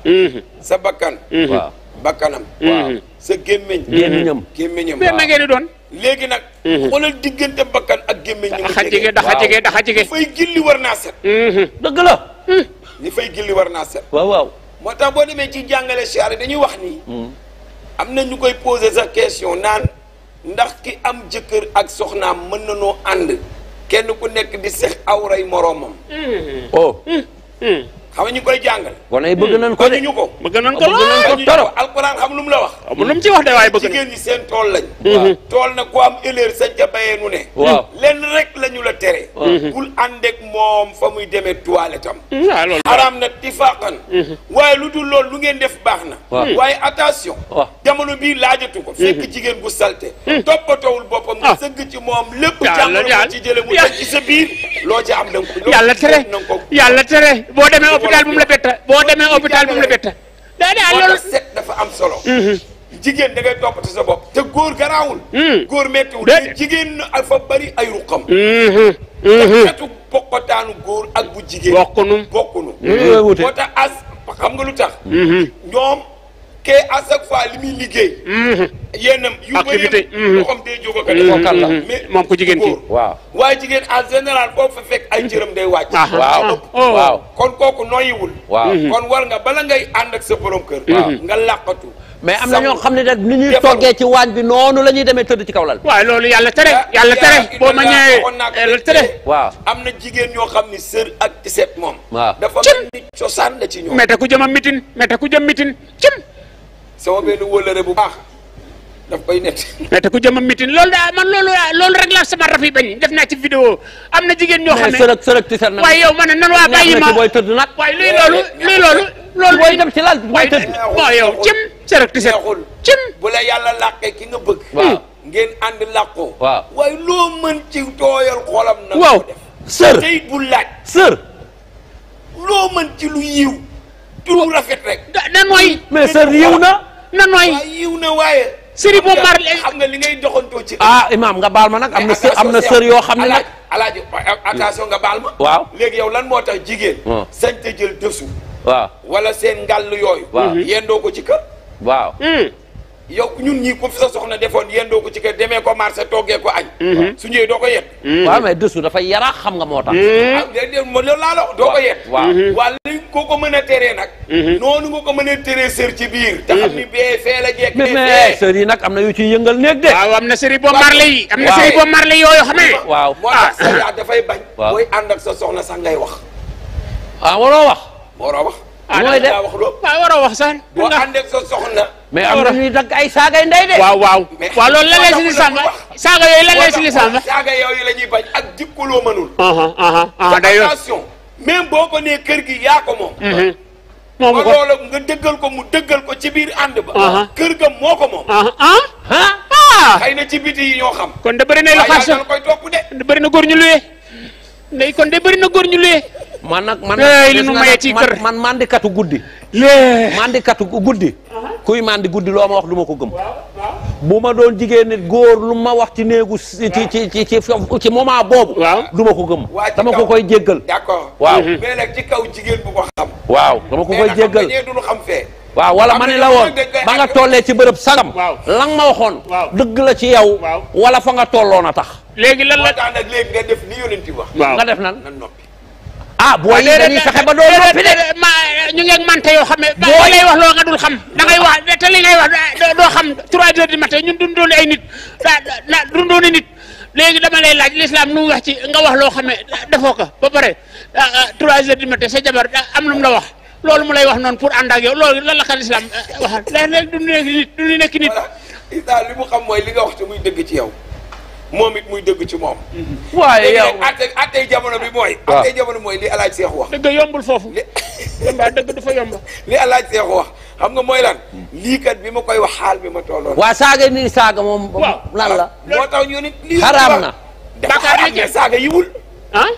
sa bakkan waaw bakkanam waaw sa gémmiñ gémmiñam gémmiñam benn ngeen di doon léegi nag. Mhm. xoolal diggante bakkan ak gémmiñ ñu ngi. daxa jege daxa jege daxa jege. li fay gilli war naa set. Mhm. dëgg la. Mhm. li fay gilli war naa set. waaw waaw. moo tax boo demee ci jàngale siyaare dañuy wax ni. am na ñu koy posé sa question naan ndax ki am jëkkër ak soxnaam mën na noo ànd kenn ku nekk di sex awray moroomam. oh. xam nga ñu ko de la nañ ko. bëgg nañ ko torop alquran xam lu mu la wax. lu mu ci wax de waaye bëgg nañ jigéen ñi seen tool lañ. waaw mm-hmm. tool nag ku am élève sañ ca bayee nu ne. rek la la tere. Mm-hmm. bul ànd ak moom fa muy demee toilette am. Mm-hmm. na tifaqan. waaye lu dul lool lu ngeen def baax na. waaye attention. jamono bii laajatu ko. fekk jigéen gu salte. toppatoowul boppam. nga ah. sëgg ci moom lépp. jàngoro ci jële mu ci sa biir. loo ci am da nga ko yàlla tere yàlla tere boo demee hôpital bu mu la bett boo demee hôpital bu mu la bett daa daa set dafa am solo mhm. jigéen da ngay toppati sa bopp te góor garaawul mhm. góor mettiwul te jigéen alfa bari ay ruqam setu mhm. poqotaanu góor ak bu jigéen bokkunu bokkunu moo tax as xam nga lu tax ñoom ke à chaque fois li muy liggéey. Mm-hmm. yenn yu bëri loxoom mm-hmm. day jóg ak a mm-hmm. mais moom ku jigéen ki waaw. waaye jigéen en général boo fa fekk ay cëram day wàcc. Ah, ah, waaw ah. Oh. waaw kon kooku noywul waaw kon war nga bala ngay ànd ak sa borom kër. nga làqatu. mais am na ñoo xam ne nag nu ñuy toggee ci waañ bi noonu la ñuy demee tëdd ci kaw lal. waaw loolu yàlla tere yàlla tere boo ma ñëwee tere. waaw am na jigéen ñoo xam ni sër ak set moom. waaw dafa mel ni cosaan la ci ñoom. ku jëm a mitin mais te ku jëm mitin cim sama benn wëllëre bu baax daf koy nekk. mais te ku jëmam mitin loolu daa man loolu loolu rek laa sama raf yi bañ def naa ci vidéo am na jigéen ñoo xam ne sërëg sërëg ti sar na waaye yow ma ne nan waa bàyyi ma booy tëdd nag waaye luy loolu eh, luy loolu loolu booy dem ci lal booy tëdd waaw yow cim sërëg ti sar cim bu la yàlla làqee ki nga bëgg waaw hmm. ngeen ànd làqoo waaw waaye loo mën ci tooyal xolam na waaw sër tey bu laaj sër loo mën ci lu yiw turu rafet rek. na nooy. mais sër yiw na. na nooy yiw na waaye. sëri boobu mar xam li ngay doxantoo ci. ah imaam nga baal ma nag am na sër am na sër yoo xam ne nag. alaaji attention nga baal ma. waaw léegi yow lan moo tax jigéen. sañ te jël dessous. waaw wala seen ngàll yooyu. waaw yendoo ko ci kër. waaw. Hmm. yow ñun ñii comme fi sa soxna defoon yendoo ko ci kër demee ko marché toggee ko añ. Mhm. su ñëwee doo ko yet. Mhm. waaw mais dessous dafa yaraax xam nga moo tax. Mhm. ah déedéet ma la doo ko yet. waaw waaw ko mën a teree nag. noonu nga ko mën a teree sër ci biir. te xam ni bee fee la jekk. mais mais sër yi nag am na yu ci yëngal néeg de. waaw am na sëri bo marle yi. am na sëri bo marle yooyu xamee. waaw moo tax sariya dafay bañ. waaw booy ak sa soxna sax ngay wax. ah waroo wax. waroo wax. Ah, mooy de waaw waroo wax sax. boo mais am na ñuy dagg ay saagay ndey de. waaw waaw waaw loolu lan lay si lisaan ba saaga yooyu lan lay lisaan ba. saaga yooyu la ñuy bañ ak jikko loo mënul. day attention même boo ko kër gi yaa ko mhm. nga dëggal ko mu dëggal ko ci biir ànd ba. kër ga moo ko moom. Ah? Ah! xëy na ci biti yi ñoo kon de bëri na la xaar sax koy topp de. na góor ñu luye. kon de bëri na góor ñu luye. man nag man li nu maye ci kër man mandikatu guddi. lee mandikatu guddi. Uh-huh. kuy mandi guddi loo ma wax du ma ko gëm. bu ma doon jigéen nit góor lu ma wax ci néegu. ci ci ci ci ci moment boobu. waaw du ma ko gëm. dama ko koy jéggal. d'accord waaw mm-hmm. mais nag ci kaw jigéen bu ko xam. waaw dama ko koy jéggal waaw wala ma ne la woon ba nga tollee ci bërëb sagam. waaw la nga ma waxoon. dëgg la ci yow. wala fa nga tolloon a tax. léegi lan la léegi nga def ni yonent wax. nga def nan. ah booy yi dañuy fexe ba doo noppi de ma ñu ngeeg mante yoo xam ne booy lay wax loo nga dul xam da ngay wax te li ngay wax doo xam trois heures du matin ñun dundoon ay nit da dundoon nit léegi dama lay laaj l'islam nu wax ci nga wax loo xam ne defoo ko ba pare ah, ah, trois heures du matin sa jabar ah, am lu mu la wax loolu mu lay wax noonu pour ànd yow loolu lan la ka l'islam waxal léeg-léeg du nekk nit du nekk nit. voilà Issa li mu xam mooy li nga wax ci muy dëgg ci yow. moom it muy dëgg ci moom. waaye yow léegi attey jamono bi mooy. waaw attey jamono mooy li alaaj Seex wax. dëgg yombul foofu. li mbaa dëgg dafa yomb. li alaaj Seex wax xam nga mooy lan. lii kat bi ma koy wax xaal bi ma tolloon. waa saaga nii saaga moom. lan la moo tax ñu nit lii xaraam na. dafa xaraam ne saaga yiwul. ah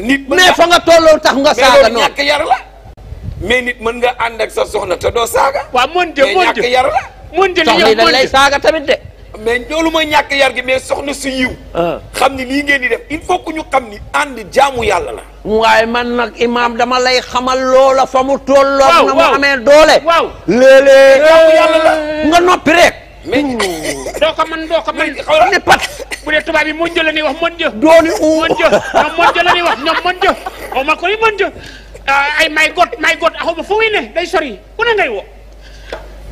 nit mais fa nga tolloo tax nga saaga yar mais nit mën nga ànd ak sa soxna te doo saaga. waaw mën jë jë mais ñàkk yar la. mën jë li yow mën jë lay saaga tamit de. mais loolu mooy ñàkk yar gi mais soxna su yiw ah. xam ni lii ngeen di def il faut ku ñu xam ni ànd jaamu yàlla la waaye man nag imaam dama lay xamal loola fa mu tolloog na mu amee doole waaw léeg-léeg jaamu yàlla la nga noppi rek mais hmm. doo ko man doo ko man xaw ni pat tubaab yi mën jë la wax mën jë dooni u mën jë ñoom mën jë la ñuy wax ñoom mën jë xaw ma ko ah, ay may got may got axaw ma fu muy ne day sori ku ne ngay woo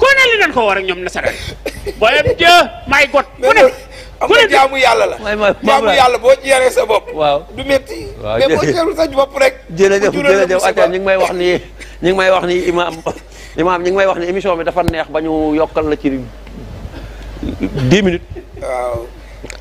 gone li dañ ko war ak ñoom nasaraan booyam jë may got ku na jaamu yàlla la jaamu boo ci sa bopp waaw du métti waaw mais boo teelul sa bopp rek jërëjëf jërëjëf aca ñi may wax ni ñi ngi may wax ni imaam imaam ñi ngi may wax ni émission bi dafa neex ba ñu yokkal la ci dix minutes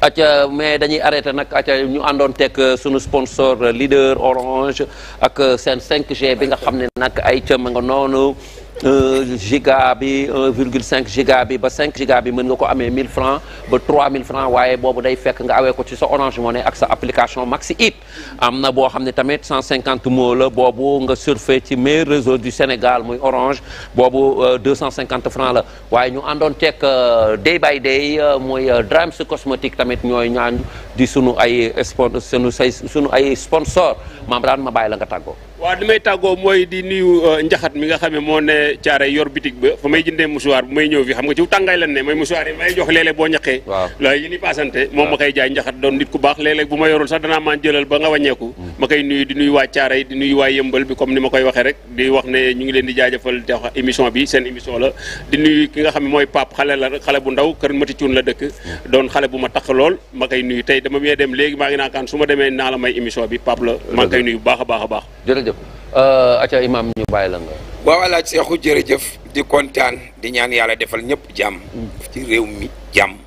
acca mais dañuy arrêté nag acca ñu àndoon teg euh, suñu sponsor euh, leader orange ak euh, seen 5G bi nga xam ne nag ay cëm nga noonu 1 euh, giga bi 1 virgule giga bi ba 5 giga bi mën nga ko amee 1000 francs ba mille francs waaye boobu day fekk nga awee ko ci sa Orange Money ak sa application Maxi It am na boo xam ne tamit 150 mots la boobu nga surfer ci meilleur réseau du Sénégal muy Orange boobu 250 euh, francs la waaye ñu àndoon teg euh, day by day muy Drams Cosmétique tamit ñooy ñaan di sunu ay spon sunu say sunu ay sponsor maam daan ma bàyyi la nga tàggoo. waa li may tàggoo mooy di nuyu euh, njaxat mi nga xam ne moo ne caare yor bitig ba fa may jëndee mouchoir bu may ñëw fi xam nga ci tàngaay lan ne mooy mouchoir yi may jox léeg-léeg boo ñaqee la yi ni passante moom ma koy jaay njaxat doon nit ku baax léeg-léeg bu ma yorul sax danaa maan jëlal ba nga wàññeeku hmm. ma koy nuyu di nuyu waa caare di nuyu waa yëmbal bi comme ni ma koy waxee rek di wax ne ñu ngi leen di jaajëfal di wax bi seen émission la di nuyu ki nga xam ne mooy Pape xale la xale bu ndaw kër Mati Cuun la dëkk hmm. doon xale bu ma tax lool dama bee dem léegi maa ngi naan kan su ma demee naa la may émission bi Pape la maa ngi koy nuyu baax a baax a baax jërëjëf euh, aca imaam ñu bàyyi la nga waaw alaaj seexu jërëjëf di kontaan di ñaan yàlla defal ñëpp jàmm mm. ci réew mi jàmm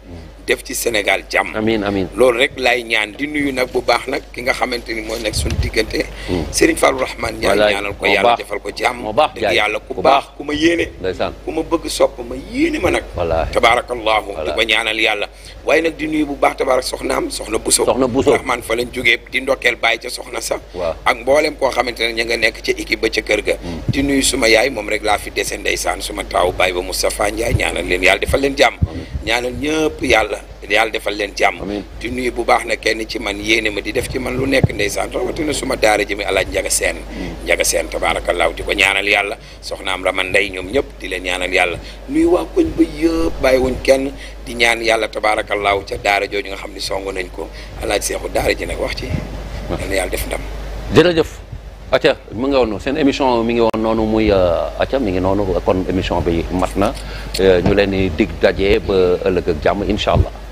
def ci Sénégal jàmm. amiin amiin loolu rek laay ñaan di nuyu nag bu baax nag ki nga xamante ni mooy nekk suñu diggante. Hmm. Serigne Fallou Rahman Ndiaye ñaanal ko yàlla defal ko jàmm. moo baax dëgg yàlla ku baax ma yéene. ndeysaan ma bëgg sopp ma yéene ma nag. wallaahi tabaarakallahu di ko ñaanal yàlla. waaye nag di nuyu bu baax tabaarak soxnaam soxna Bousso. soxna Bousso Rahman fa lañ jógee di ndokkeel bàyyi ca soxna sax. waaw ak mboolem koo xamante ne ña nga nekk ca équipe ba ca kër ga. Hmm. di nuyu suma yaay moom rek laa fi dese ndeysaan suma taaw bàyyi ba Moustapha Ndiaye ñaanal leen yàlla defal leen jàmm ñaanal ñëpp yàlla yàlla defal leen jàmm di nuy bu baax na kenn ci man yéene ma di def ci man lu nekk ndeysaan rawatina suma daara ji mi alaaj njaga seen mm. njaga seen tabaarakallaahu di ko ñaanal yàlla soxna soxnaam rama ndey ñoom ñëpp di leen ñaanal yàlla nuyu waa koñ ba yëpp bàyyi wuñ kenn di ñaan yàlla tabaarakallaahu ca daara jooju nga xam ne songo nañ ko alaaj seexu daara ji nag wax ci yàlla def ndam jërëjëf acca mu ngi woon seen émission mi ngi woon noonu muy euh, acca mi ngi noonu kon émission bi mat na euh, ñu leen di dig daje ba ëllëg jàmm incha allah